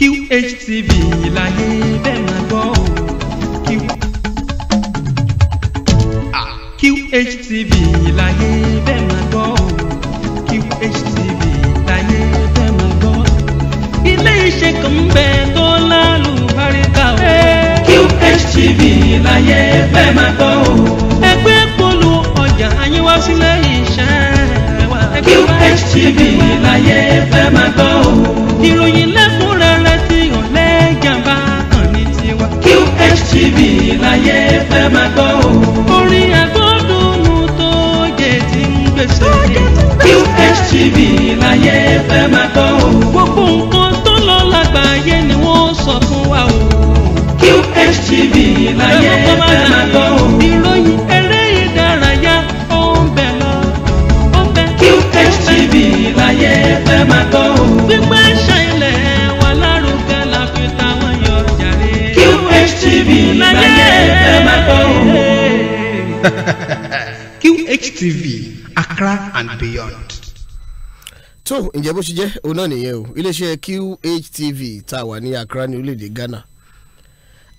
QHTV láyé bẹ́ẹ̀ máa gbọ́ o. QHTV ah, láyé bẹ́ẹ̀ máa gbọ́ o. QHTV láyé bẹ́ẹ̀ máa gbọ́ o. ilé iṣẹ́ kan ń bẹ tó lálùbáríkà o. QHTV láyé bẹ́ẹ̀ máa gbọ́ o. ẹgbẹ́ polo ọjà àyínwá sílẹ̀ iṣẹ́ QHTV láyé bẹ́ẹ̀ máa gbọ́ o. ìròyìn lẹ́fọ̀. síbi láyé fẹ́ máa gbọ́ o. orin agbódùnmù tó yẹ ti ń gbèsè. QHTV láyé fẹ́ máa gbọ́ o. gbogbo nǹkan tó lọ lágbàáyé ni wọ́n sọ fún wa o. QHTV láyé fẹ́ máa gbọ́ o. ìròyìn eré ìdárayá ó ń bẹ̀ lọ. QHTV láyé fẹ́ máa gbọ́ o. gbígbẹ́ ṣe. QHTV Accra and beyond. tó ǹjẹ́ bó ṣe jẹ́ òun náà nìyẹn o iléeṣẹ́ QHTV tá a wà ní Accra ní orílẹ̀-èdè Ghana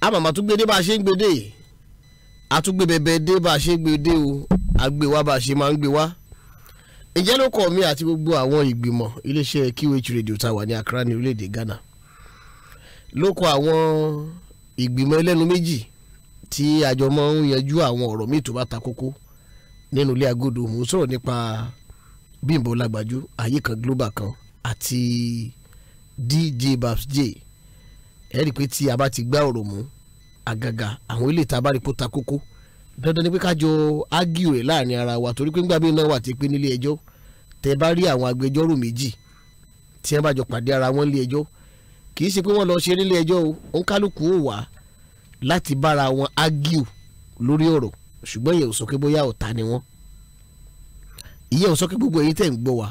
àmàmà tó gbédé bá a ṣe ń gbédé àtúgbé bẹ̀bẹ̀ dé bá a ṣe ń gbédé o àgbé wa bá a ṣe máa ń gbé wa ǹjẹ́ ló kọ́ mi àti gbogbo àwọn ìgbìmọ̀ iléeṣẹ́ QH radio tá a wà ní Accra ní orílẹ̀-èdè Ghana ló kọ́ Àwọn ìgbìmọ̀ ẹlẹ́nu méjì tí àjọ máa ń yanjú àwọn ọ̀rọ̀ míì tó bá ta kókó nínú ilé agodo mò ń sọ̀rọ̀ nípa Bímbọ́ Lágbájú ayé kan global kan àti DJ Babs J ẹ rí i pé tí a bá ti gbá ọ̀rọ̀ mú àgàgà àwọn ilé ìta bá rí kó ta kókó dandan ni pé kájọ ágìrò ẹ̀ láàrin ara wa torí pé ńgbà míì náà wà tí pé nílé ẹjọ́ tẹ bá rí àwọn agbẹjọ́rò méjì tí wọ́n bá jọ pàdé ara wọn nílé ẹjọ́ kì í ṣe pé wọ́n lọ ṣe nílé ẹjọ́ o òǹkálùkù ò wá láti bára wọn ágíù lórí ọ̀rọ̀ ṣùgbọ́n ìyẹn ò sọ pé bóyá ọ̀tá ni wọ́n ìyẹn ò sọ pé gbogbo ẹ̀yin tẹ̀ ń gbọ́ wa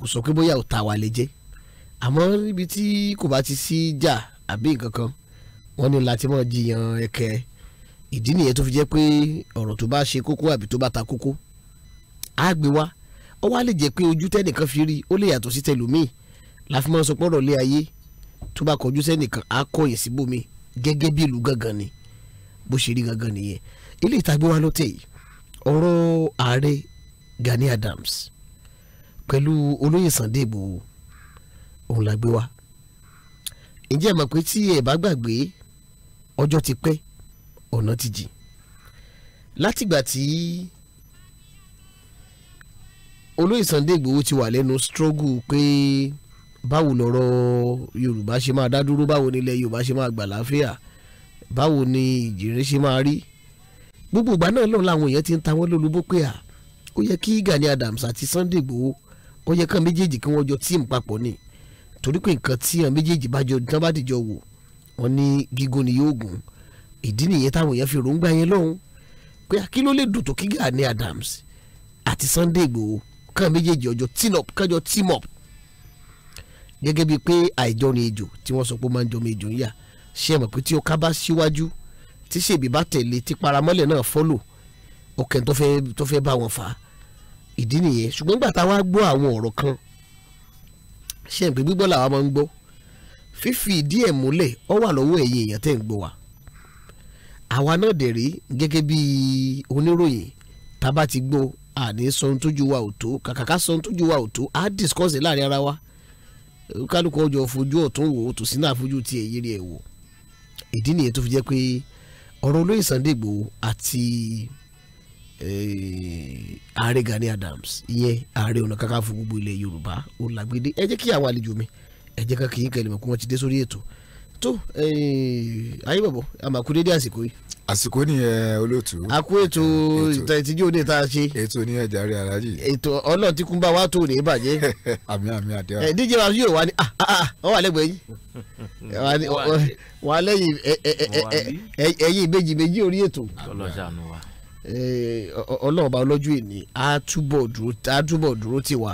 kò sọ pé bóyá ọ̀tá wa lè jẹ́ àmọ́ níbi tí kò bá ti sí jà àbí nǹkan kan wọ́n ní láti máa jiyàn ẹ̀kẹ́ ìdí nìyẹn tó fi jẹ́ pé ọ̀rọ̀ tó bá ṣe kókó àbí tó bá ta kókó á gbé wá ó wá lè jẹ́ pé ojú tẹ́nìkan fi rí ó lè yàtọ̀ sí tẹlòmíì láfi máa sọ pọ́nrọ̀ lé ayé tó bá kọjú sẹ́nìkan á kọ̀yìn síbòmí gẹ́gẹ́ bí ìlú gangan ni bó ṣe rí gangan nìyẹn ilé ìtagbé wa ló yìí ọ̀rọ̀ ààrẹ Gani Adams pẹ̀lú olóyè Sunday Igboho òun la gbé wa ǹjẹ́ ẹ mọ̀ pé tí ẹ bá gbàgbé ọjọ́ ti pẹ́ ọ̀nà ti jìn látìgbà tí olóyè Sunday Igboho ti wà lẹ́nu struggle pé. Pe báwo lọ̀rọ̀ Yorùbá ṣe máa dá dúró báwo nílẹ̀ Yorùbá ṣe máa gbà láfíà báwo ni ìjìnrere ṣe máa rí gbogbo ìgbà náà lọ́nà làwọn èèyàn ti ń ta wọ́n lólobó pé à ó yẹ kí Gani Adams àti Sunday Igboho ó yẹ kán méjèèjì kí wọ́n jọ tíìmù papọ̀ ni torí pé nǹkan tí àwọn méjèèjì bá jọ tán bá dìjọ wò wọ́n ní gígùn ni yóò gùn ìdí nìyẹn táwọn èèyàn fi ròǹgbà yẹn lọ́hùn pé kí ló lè dùn tó kí Gani Adams àti Sunday Igboho kán méjèèjì ọjọ́ team up kájọ team up gẹ́gẹ́ bíi pé àìjọrin ejò tí wọ́n sọ pé máa ń jọmọ ejò ń yà ṣe mọ̀ pé tí o ká bá síwájú tí ṣèbí bá tẹ̀lé tí paramọ́lẹ̀ náà fọ́lò ọkàn tó fẹ́ tó fẹ́ bá wọn fà á ìdí nìyẹn ṣùgbọ́n nígbà táwa gbọ́ àwọn ọ̀rọ̀ kan ṣe mọ̀ pé gbígbọ́ làwa máa ń gbọ́ fífi ìdí ẹ̀ múlẹ̀ ọ wà lọ́wọ́ ẹ̀yin èèyàn tẹ́ ń gbọ́ wa àwa náà dẹ̀ rí gẹ́gẹ́ bí oníròyìn tá a bá ti gbọ́ àní sọ ohun tójú wa ò tó kàkàká sọ ohun tójú wa ò tó á discuss láàrin ara wa kálukú ọjọ́ fojú ọ̀tún wò ó tòsí náà fojú ti èyí rẹ̀ wò ìdí nìyẹn tó fi jẹ́ pé ọ̀rọ̀ olóyè Sunday àti eh, ààrẹ Gani Adams ìyẹn ààrẹ ọ̀nà kakanfò gbogbo ilẹ̀ Yorùbá ó làgbédé ẹ jẹ́ kí àwọn àlejò mi ẹ jẹ́ kí n kẹlẹ̀ mọ̀ wọ́n ti dé sórí ètò tó eh, ayé bàbọ̀ àmàkù dédé àsìkò yìí. àsìkò nìyẹn eh, olóòtú. a kú ètò eh, ìtẹ̀síjú òde tá a ṣe. ètò ní ẹja rí aláàjì. ètò ọ̀nà tí kúnbá wa tó rèé bàjẹ́. àmì àmì àdéhà. ẹ díje wàá yóò wá ní ọ ah, ah, ah, wà lẹ́gbẹ̀ẹ́ yìí wà lẹ́yìn ẹ̀yìn ìbejì méjì orí ètò. ọlọ́jà nù wá ọlọ́ọ̀bá ọlọ́jú èní á túbọ̀ dúró tì wá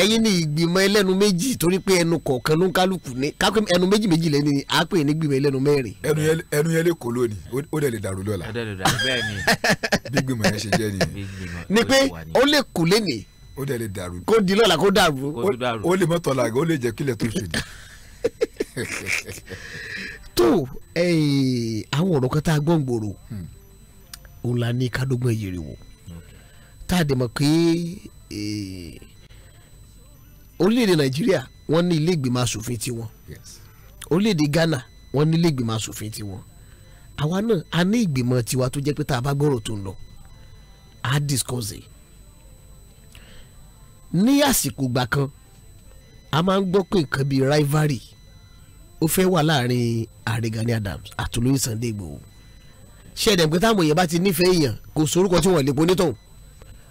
ẹ̀yin ni ìgbìmọ̀ ẹlẹ́nu méjì torí pé ẹnu kọ̀ọ̀kan ló ń kálukú ní kápẹ́ ẹnu méjì méjì lẹ́ni ni á pè ní gbìmọ̀ ẹlẹ́nu mẹ́rin. ẹnu yẹn lè kó lónìí ó dẹ̀ lè dàrú lọ́la bí gbìmọ̀ yẹn ṣe jẹ́ nìyẹn. ni pé ó lè kó lẹ́nìí. ó dẹ̀ lè dàrú. kó di lọ́la kó dàrú. ó lè mọ́tọ́ la ó lè jẹ́ kílẹ̀ tó ṣe tó àwọn ọ̀rọ̀ kan tá a gbọ́ ń gbòòrò hmm òun la ní kádógbọ́n yèrè wò tá a dẹ̀ mọ̀ pé e, orílẹ̀-èdè nàìjíríà wọ́n ní ilé asòfin tiwọn orílẹ̀-èdè ghana wọ́n ní ilé ìgbìmọ̀ asòfin tiwọn àwa náà a ní ìgbìmọ̀ tiwa tó jẹ́ pé tá a bá gbọ́rọ̀ tó ń lọ a discuss ní àsìkò gbà kan a máa ń gbọ́ pé nǹkan bíi rivalry ó fẹ́ wà láàrin ààrẹ Gani Adams àtolóyè Sunday Igboho ṣẹ̀dẹ̀ pé táwọn èèyàn bá ti nífẹ̀ẹ́ èèyàn kò sorúkọ tí wọ́n lè poni tóun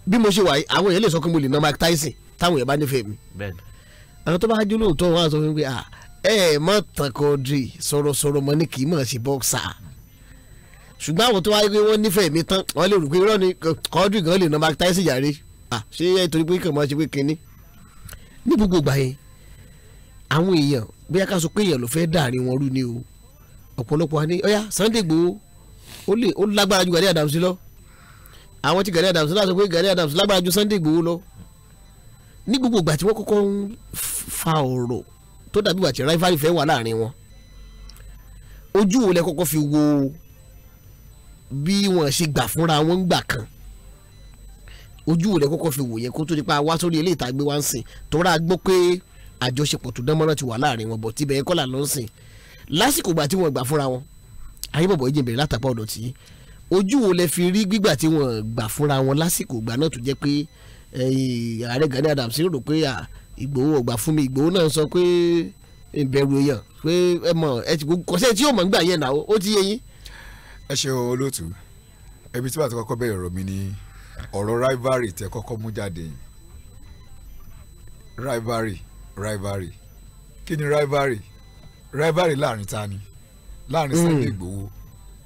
bí mo ṣe wà yìí àwọn èèyàn lè sọ pé mo lè na Mike Tyson táwọn èèyàn bá nífẹ̀ẹ́ mi. àwọn tó bá jó lóòótọ́ wọn á sọ fún mi pé ẹ ẹ mọ tankọdri sọ̀rọ̀sọ̀rọ̀ mọ ni kì í mọ̀ sí bọ́ksà ṣùgbọ́n àwọn tó wáyé pé wọ́n nífẹ̀ẹ́ mi tán wọ́n lè rò pé irọ́ ni kọ́dri gan lè na Mike Tyson yàrá ṣé ẹ torí pé kàn máa ṣe pé kinní ní gbogbo ìgbà yẹn àwọn èèyàn bóyá ká sọ pé èèyàn ló fẹ́ dàrin wọn rú ni o ọ̀pọ̀lọpọ̀ wa ní ọ̀yá Sunday Igboho ó lè ó lágbára ju gari Adams lọ àwọn tí Gani Adams náà sọ pé Gani Adams lágbára ju Sunday Igboho lọ ní gbogbo ìgbà tí wọ́n kọ́kọ́ ń fa ọ̀rọ̀ tó dàbí ìgbà tí rivalry fẹ́ wà láàrin wọn ojú wo lẹ kọ́kọ́ fi wo bí wọ́n ṣe gbà fúnra wọn gbà kan ojú wo lẹ kọ́kọ́ fi wò yẹn kó tó di wá sórí ilé ìtàgbé wa ń sìn tó gbọ́ pé àjọṣepọ̀ tó dánmọ́rán ti wà láàrin wọn bọ̀ tíbẹ̀ ẹ̀kọ́ là ló ń sìn lásìkò ìgbà tí wọ́n gbà fúnra wọn ayébọ̀bọ̀ yìí jẹ̀bẹ̀rẹ̀ látàpá ọ̀dọ̀ tí ojú wo lẹ fi rí gbígbà tí wọ́n gbà fúnra wọn lásìkò ìgbà náà tó jẹ́ pé ààrẹ Gani Adams rò pé Ìgbòho ọ̀gbà fún mi Ìgbòho náà sọ pé ìbẹ̀rù èèyàn pé ẹ mọ̀ ẹ ti kò sẹ́yìn tí yóò mọ̀ nígbà yẹn náà ó ti yé yín. ẹ ṣe olóòtú ẹbí tí bàtà kọ́kọ́ bẹ̀rẹ̀ ọ̀rọ̀ mi ni ọ̀rọ̀ rivalry tẹ kọ́kọ́ mú jáde yìí rivalry rivalry kí ni rivalry rivalry láàrin ta ni láàrin Sunday mm. Igboho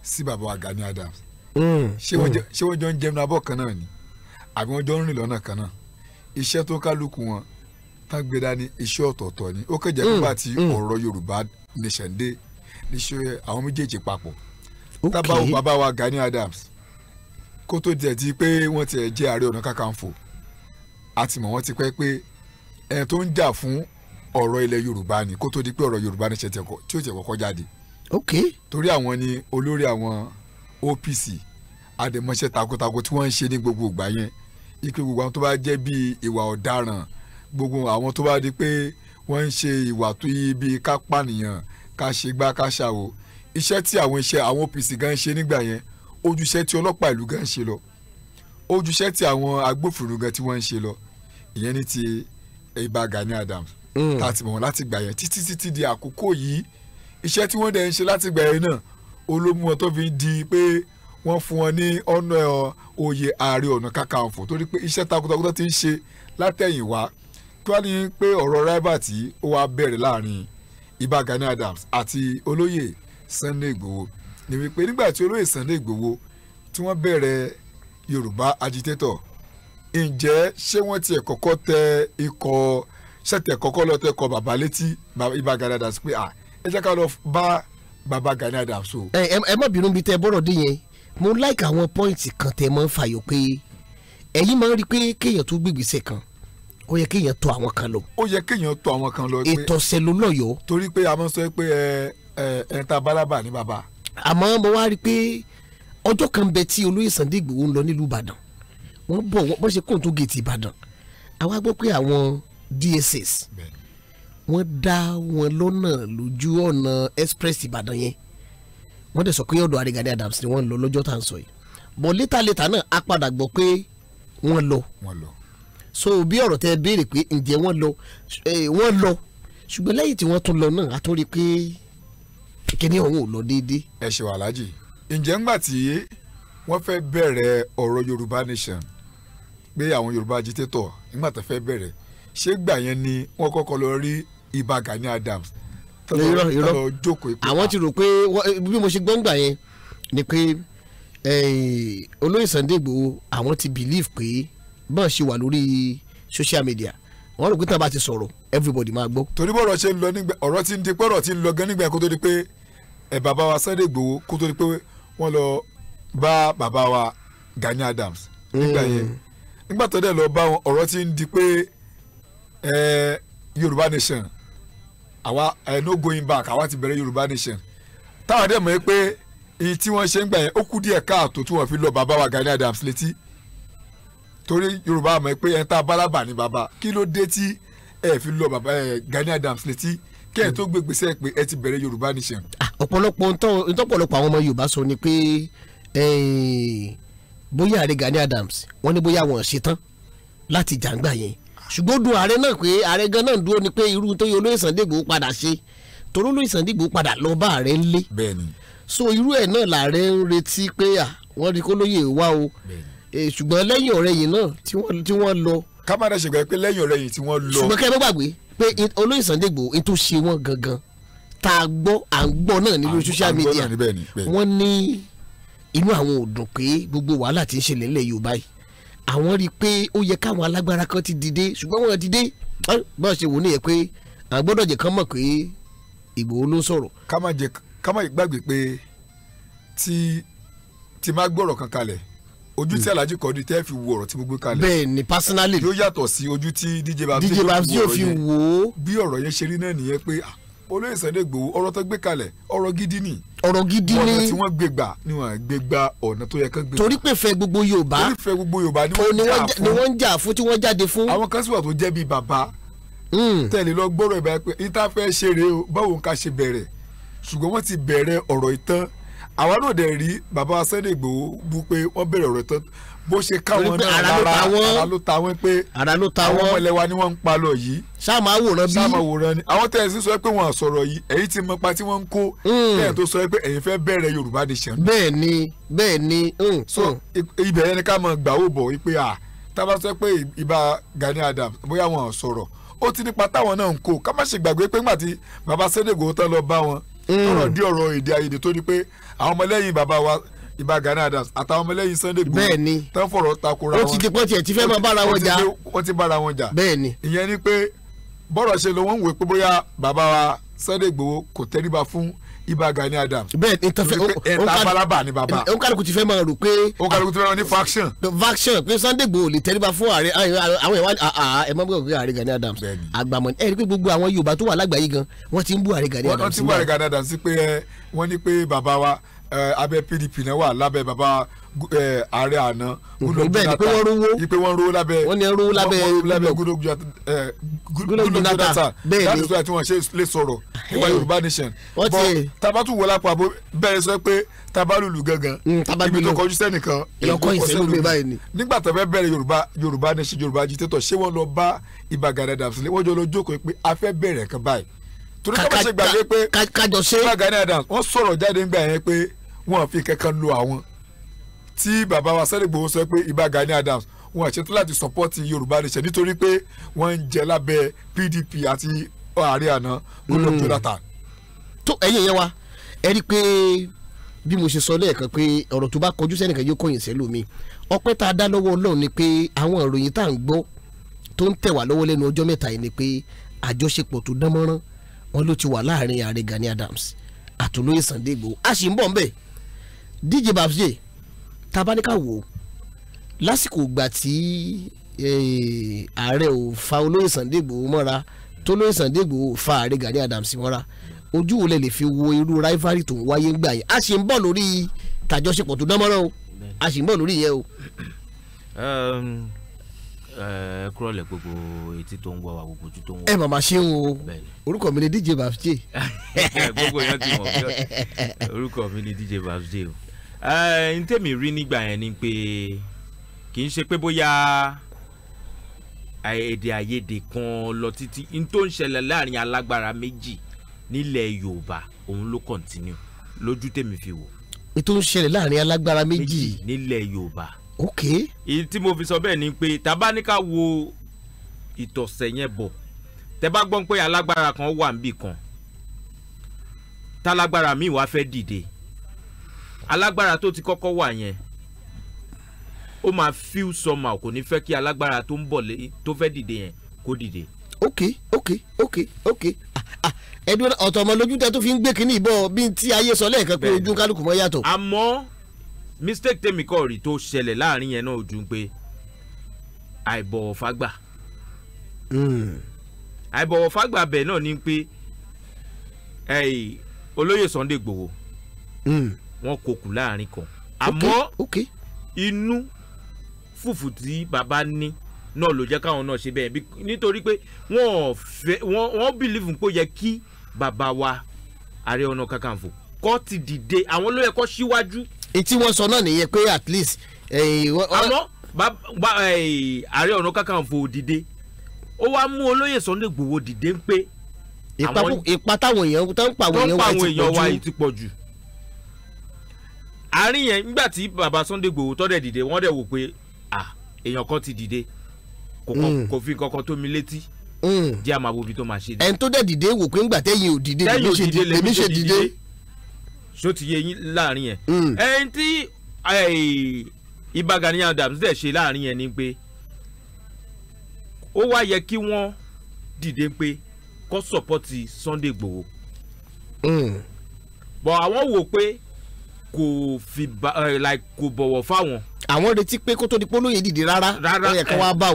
sí bàbá wa Gani Adams mm. mm. ṣé wọ́n jọ ń jẹun abọ́ kan náà ni àbí wọ́n jọ ń rìn lọ́nà kan náà iṣẹ́ tó kálukú wọn tán gbé dání iṣẹ́ ọ̀tọ̀ọ̀tọ̀ ni ó kẹjẹ nígbà tí ọ̀rọ̀ Yorùbá nation dé níṣẹ́ àwọn méjèèjì papọ̀ tábàwò bàbá wa Gani Adams kó tó tiẹ̀ di pé wọ́n tiẹ̀ jẹ́ ààrẹ ọ̀nà kakanfò àti mọ̀ wọ́n ti pẹ́ pé ẹ̀ tó ń jà fún ọ̀rọ̀ ilẹ̀ Yorùbá ni kó tó di pé ọ̀rọ̀ Yorùbá nation tí ó tiẹ̀ kọ́kọ́ jáde ok torí àwọn ni olórí àwọn OPC àdèmọ́ṣẹ́ takuntakun tí wọ́n ń ṣe ní gbogbo ìgbà yẹn ike gbogbo àwọn tó bá jẹ́ bíi ìwà ọ̀daràn gbogbo àwọn tó bá di pé wọ́n ń ṣe ìwà tó yí bíi ká pànìyàn ká ṣe gbá ká ṣàwò iṣẹ́ tí àwọn iṣẹ́ àwọn OPC gan ṣe nígbà yẹn ojúṣe tí ọlọ́pàá ìlú gan ṣe lọ ojúṣe tí àwọn agbófinró gan tí wọ́n ń ṣe lọ ìyẹn ní ti Ìbà Gani Adams mm. láti mọ̀ wọn láti gbà yẹn títí títí di àkókò yìí iṣẹ́ tí wọ́n dẹ̀ ń ṣe láti gbà yẹn náà olómú wọn tó fi di pé wọ́n fún wọn ní ọ̀nà oyè ààrẹ ọ̀nà kakanfò torí pé iṣẹ́ takuntakun ti ń ṣe látẹ̀yìnwá kí wọ́n ní pé ọ̀rọ̀ rival tí ó wá bẹ̀rẹ̀ láàrin Ìbà Gani Adams àti olóyè Sunday Igboho ni wípé nígbà tí olóyè Sunday Igboho tí wọ́n bẹ̀rẹ̀ Yorùbá agitator ǹjẹ́ ṣé wọ́n tiẹ̀ kọ́kọ́ tẹ ikọ̀ ṣẹ̀tẹ̀ kọ́kọ́ lọ tẹ kọ bàbá létí Ìbà Gani Adams pé ah ẹ jẹ́ ká lọ bá baba Gani Adams o. ẹ ẹ má bínú bíi tẹ bọ́rọ̀ dé yẹn mo like àwọn pọ́ìntì kan tẹ mọ́ fàyọ pé ẹ̀yin máa ń rí i pé kéèyàn tó gbègbèsè kan ó yẹ kéèyàn tọ̀ àwọn kan lọ. ó yẹ kéèyàn tọ̀ àwọn kan lọ. ìtọ̀sẹ̀ ló lọ́yọ̀ọ́. torí pé a máa sọ pé ẹ ẹ ẹ ta balaba ní baba. àmọ́ mo wá rí i pé ọjọ́ kan bẹ tí olóyè Sunday Igboho ń lọ nílùú Ìbàdàn wọ́n bọ̀ wọ́n ṣe kóńtó gèètì Ìbàdàn àwa gbọ́ pé àwọn DSS. Bẹ́ẹ̀ wọ́n dá wọn lọ́nà lójú ọ̀nà express ìbàdàn yẹn wọ́n dẹ̀ sọ pé ọ̀dọ̀ Arigade Adams ni wọ́n lọ lọ́jọ́ tá à ń sọ yìí bọ̀ létà létà náà a padà gbọ́ pé wọ́n lọ so bí ọ̀rọ̀ tẹ béèrè pé ǹjẹ́ wọ́n lọ wọ́n lọ ṣùgbọ́n lẹ́yìn tí wọ́n tún lọ náà a tún rí i pé kíní ọ̀hún ò lọ déédéé. ẹ ṣe wà láàjì ǹjẹ́ ńgbà tí wọ́n fẹ́ bẹ̀rẹ̀ ọ̀rọ̀ Yorùbá Nation pé àwọn Yorùbá agitator ńgbà tó fẹ́ bẹ̀rẹ̀ ṣé gbà yẹn ni wọ́n kọ́kọ́ lọ rí Ìbà Gani Adams irọ́ irọ́ àwọn ah. ti rò pé bí mo ṣe gbọ́ngbà yẹn ni pé eh, olóyè Sunday Igboho àwọn ti believe pé bọ́n ṣe wà lórí social media wọ́n rò pé tá a bá ti sọ̀rọ̀ everybody máa gbọ́. torí bọ́ọ̀rọ̀ ṣe ń lọ nígbà ọ̀rọ̀ ti ń di pé ti ń lọ gan nígbà kó tó di pé ẹ̀ eh, bàbá wa Sunday Igboho kó tó di pé wọ́n lọ bá bàbá wa Gani Adams nígbà hmm. yẹn nígbà tó dẹ̀ lọ bá wọn ọ̀rọ̀ ti ń di pé eh, Yorùbá Nation àwa ẹ eh, no going back àwa ti bẹ̀rẹ̀ Yorùbá nation táwa dẹ̀ mọ̀ pé èyí tí wọ́n ṣe ń gbà yẹn ó kú díẹ̀ káàtó tí wọ́n fi lọ bàbá wa Gani Adams létí torí Yorùbá mọ̀ pé ẹ̀ ń ta bálábà ní bàbá kí ló dé tí ẹ̀ fi lọ bàbá ẹ̀ eh, Gani Adams létí kí ẹ̀ tó gbégbèsè pé ẹ ti bẹ̀rẹ̀ Yorùbá nation. Ah, ọ̀pọ̀lọpọ̀ ntọ́pọ̀lọpọ̀ àwọn ọmọ Yorùbá sọ ni pé eh, bóyá àrẹ Gani Adams wọ́n ní bóyá wọn ṣetán láti jàǹgbà yẹn ṣùgbọ́n dùn ààrẹ náà pé ààrẹ gan náà dúró ni pé irú tó yẹ olóyè Sunday Igboho padà ṣe torí olóyè Sunday padà lọ bá ààrẹ ńlé so irú ẹ̀ náà làárẹ̀ ń retí pé wọ́n rí kólóyè wá o ṣùgbọ́n lẹ́yìn ọ̀rẹ́ yìí náà tí wọ́n lọ. ká má dẹ̀ ṣègbè pé lẹ́yìn ọ̀rẹ́ yìí tí wọ́n lọ. ṣùgbọ́n kẹ́ ẹ bá gbàgbé pé olóyè Sunday Igboho ètò ṣe wọ́n gangan tá a gbọ́ à ń gbọ́ náà nínú social media wọ́n ní inú àwọn ò dùn pé gbogbo wàhálà ti ń ṣẹlẹ̀ nílẹ̀ Yorùbá yìí àwọn rí i pé ó yẹ káwọn alágbára kan ti dìde ṣùgbọ́n wọn dìde bá a ṣe wò nìyẹn pé àwọn gbọ́dọ̀ jẹ́ kán mọ̀ pé Ìgbòho ló ń sọ̀rọ̀. ká má jẹ ká má gbàgbé pé tí tí má gbọ́rọ̀ kan kalẹ̀ ojú tí hmm. Alhaji Quadri tẹ́ fi wo ọ̀rọ̀ tí mo gbé kalẹ̀. bẹ́ẹ̀ ni personally. yóò yàtọ̀ sí ojú tí DJ Babs yóò fi wò ó. bí ọ̀rọ̀ yẹn ṣe rí náà nìyẹn pé ah olóyè Sunday Igboho ọ̀rọ̀ tó gbé kalẹ̀ ọ̀rọ̀ gidi ni. ọ̀rọ̀ gidi ni ọ̀nà tí wọ́n gbé gbà ni wọ́n gbé gbà ọ̀nà tó yẹ kán gbé gbà. torí pé fẹ́ gbogbo Yorùbá torí fẹ́ gbogbo Yorùbá ni wọ́n ń jà fún tí wọ́n jáde fún. àwọn kan sì wà tó jẹ́ bíi bàbá hmm. tẹ̀lé lọ gbọ́rọ̀ ìbá pé níta fẹ́ ṣeré o báwo ká ṣe bẹ̀rẹ̀ ṣùgbọ́n wọ́n ti bẹ̀rẹ̀ ọ̀rọ̀ ìtàn àwa náà dẹ̀ rí bàbá Sunday Igboho bú pé wọ́n bẹ̀rẹ̀ ọ̀rọ̀ tán bó ṣe káwọn náà lára ara ló ta wọ́n pé àwọn ọmọ ilẹ̀ wa ni wọ́n ń pa lọ yìí. sáàmù àwòrán bí sáàmù àwòrán ni àwọn tẹ̀lé sí sọ pé wọ́n sọ̀rọ̀ yìí èyí tí mọ́pa tí wọ́n ń kó bẹ́ẹ̀ hmm. tó sọ pé ẹ̀yin fẹ́ bẹ̀rẹ̀ Yorùbá Nation. bẹ́ẹ̀ ni bẹ́ẹ̀ ni. Hmm, so hmm. ibẹ̀ yẹn ni ká mọ̀ gbà ó bọ̀ pé à tábà sọ pé ibà Gani adam bóyá wọn sọ̀rọ̀ ó ti nípa táwọn náà ń kó ká má ṣe gbàgbé pé ńgbà tí bàbá tán lọ bá wọn Mm. ọ̀rọ̀ di ọ̀rọ̀ èdè àyèdè tó ní pé àwọn ọmọlẹ́yìn bàbá wa ìbá Gani Adams àtàwọn ọmọlẹ́yìn Sunday Igboho bẹ́ẹ̀ni tán fọ̀rọ̀ takora wọn ó ti di pọ́tì ẹ̀ tí fẹ́ máa bára wọn jà ó ti bára wọn jà bẹ́ẹ̀ni ìyẹn ni pé bọ́rọ̀ ṣe ló wọ́n ń wò pé bóyá bàbá wa Sunday Igboho kò tẹríba fún ibà Gani Adams. bẹ́ẹ̀ o tọfẹ ẹta balaba ni baba. o kálukú ti fẹ́ máa rò pé. o kálukú ti fẹ́ máa ní faction. faction pé Sunday Igboho lè tẹríba fún ààrẹ àwọn ìwà ah, ah, ẹ mọ bọ pé ààrẹ Gani Adams. àgbàmọ ẹ rí pé gbogbo àwọn Yorùbá tó wà lágbàáyé gan wọ́n ti ń bú ààrẹ Gani Adams. wọ́n ti ń bú ààrẹ Gani Adams sí pé wọ́n ní pé bàbá wa abẹ́ PDP náà wà lábẹ́ baba ààrẹ àná. bẹ́ẹ̀ ni pé wọ́n rówó ipe wọ́n rówó lábẹ́ wọ́n ní rówó lábẹ́ Goodluck Jonathan that is why tí wọ́n ṣe lè sọ̀rọ̀ nípa Yorùbá nation. but tabatu wọlá pàbó bẹ́ẹ̀ sọ pé tabalulu gangan hmm, ibi tó kọjú sẹ́nìkan ìlọkọ ìsẹ́lómi báyìí ni. nígbà tó fẹ́ bẹ̀rẹ̀ Yorùbá Yorùbá nation Yorùbá agitator ṣé wọ́n lọ bá Ìbà Gani Adams lé wọ́n jọ lọ jókòó pé torí ká má ṣe gbàgbé pé kájọ ṣe bá Gani Adams wọ́n sọ̀rọ̀ jáde ńgbà yẹn pé wọ́n fi kankan lo àwọn tí bàbá wa Sunday Igboho sọ pé ibà Gani Adams wọ́n ṣetán láti sọpọ́tì Yorùbá Nation nítorí pé wọ́n ń jẹ lábẹ́ PDP àti ààrẹ àná Goodluck hmm. Jonathan. tó ẹ̀yin yẹn wa ẹ rí i pé bí mo ṣe sọ lẹ́ẹ̀kan pé ọ̀rọ̀ tó bá kọjú sẹ́nìkan yóò kọ̀yìn sẹ́lómi ọpẹ́ tá a dá lọ́wọ́ Ọlọ́run ni pé àwọn ìròyìn tá à ń gbọ́ tó ń tẹ̀ wá lọ́wọ́ lẹ́nu ọjọ́ mẹ́ta yìí ni pé àjọṣepọ̀ tó dán mọ́rán wọn ló ti wà láàrin ààrẹ Gani Adams àtòlóyè Sunday Igboho a sì ń bọ̀ nbẹ̀ DJ Babs J tabaníkà lásìkò ìgbà tí ààrẹ ò fa olóyè Sunday Igboho mọ́ra tó olóyè fa ààrẹ Gani Adams mọ́ra ojú wo lẹ lè fi wo irú rivalry tó ń wáyé ń gbà yẹn a sì ń bọ̀ lórí tàjọṣepọ̀ tó dánmọ́rán o a sì ń bọ̀ lórí yẹn o. Um, ẹ kúrọ̀lẹ́ gbogbo etí tó ń wọ wa gbogbo ojú tó ń wọ. ẹ màmá ṣe ń wo orúkọ mi ni DJ Babs J. gbogbo èèyàn ti mọ̀ bí orúkọ mi ni DJ Babs J o. n tèmi rí nígbà yẹn ni pé kì í ṣe pé bóyá èdè àìyedè kan lọ títí n tó ń ṣẹlẹ̀ láàrin alágbára méjì nílẹ̀ Yorùbá òun ló kọ̀ntínú lójú tèmi fi wò. ètò ń ṣẹlẹ̀ láàrin alágbára méjì nílẹ̀ Yorùbá ok. èyí tí mo fi sọ bẹ́ẹ̀ ni pé tabaníkà wo ìtọ̀sẹ̀ yẹn bọ̀ tẹ bá gbọ́n pé alágbára kan wà níbì kan tálágbára míì wá fẹ́ dìde alágbára tó ti kọ́kọ́ wà yẹn ó máa feel somehow kò ní fẹ́ kí alágbára tó ń bọ̀ tó fẹ́ dìde yẹn kó dìde. ok ok ok ok ẹdun ah, ah, ọ̀tọ̀ ọmọ lójú tẹ tó fi ń gbé kínní ìbọn bíi ti ayé sọ lẹ́ẹ̀kan pé ojú kálukú mọ́ yàtọ̀. àmọ́ mistake tèmi kọ́ rí tó ṣẹlẹ̀ láàrin yẹn náà ojú pé àìbọ̀wọ̀ fágbà hmm. àìbọ̀wọ̀ fágbà bẹ̀ náà ni pé olóyè Sunday Igboho hmm. wọn kò kù láàrin kan àmọ́ inú fùfù tí bàbá ní náà ló jẹ́ káwọn náà ṣe bẹ́ẹ̀ nítorí pé wọ́n fẹ́ wọ́n bìlífù pé ó yẹ kí bàbá wa Ààrẹ Ọ̀nà Kakanfò kó ti dìde àwọn ló yẹ kó síwájú etí wọ́n sọ náà nìyẹn pé at least. Eh, àmọ́ eh, ààrẹ ọ̀nà kakanfò dìde ó wá mú olóyè Sunday Igboho dìde ń pé. ipa táwọn èèyàn tó ń pa àwọn èèyàn wa ti pọ̀ jù. àárín yẹn nígbà tí baba Sunday Igboho tọ́dẹ̀ dìde wọ́n dẹ̀ wò pé èèyàn kan ti dìde kò mm. fi kankan tó mi létí mm. jẹ́ àmàbobi tó máa ṣe. ẹni tó dẹ̀ dìde wò pé ńgbà tẹ́yìn ò dìde lèmi ṣe dìde ṣó ti yé yín láàrin yẹn. Mm. ẹni tí Ìbà Gani Adams dẹ̀ ṣe láàrin yẹn ni pé ó wá yẹ kí wọ́n dìde pé kó sọ̀pọ́tì Sunday Igboho. Mm. bọ̀ àwọn wò pé kò fi ba ẹ like kò bọ̀wọ̀ fáwọn. àwọn retí pé kó tó di pé olóyè dìde rárá rárá ẹ kó wá bá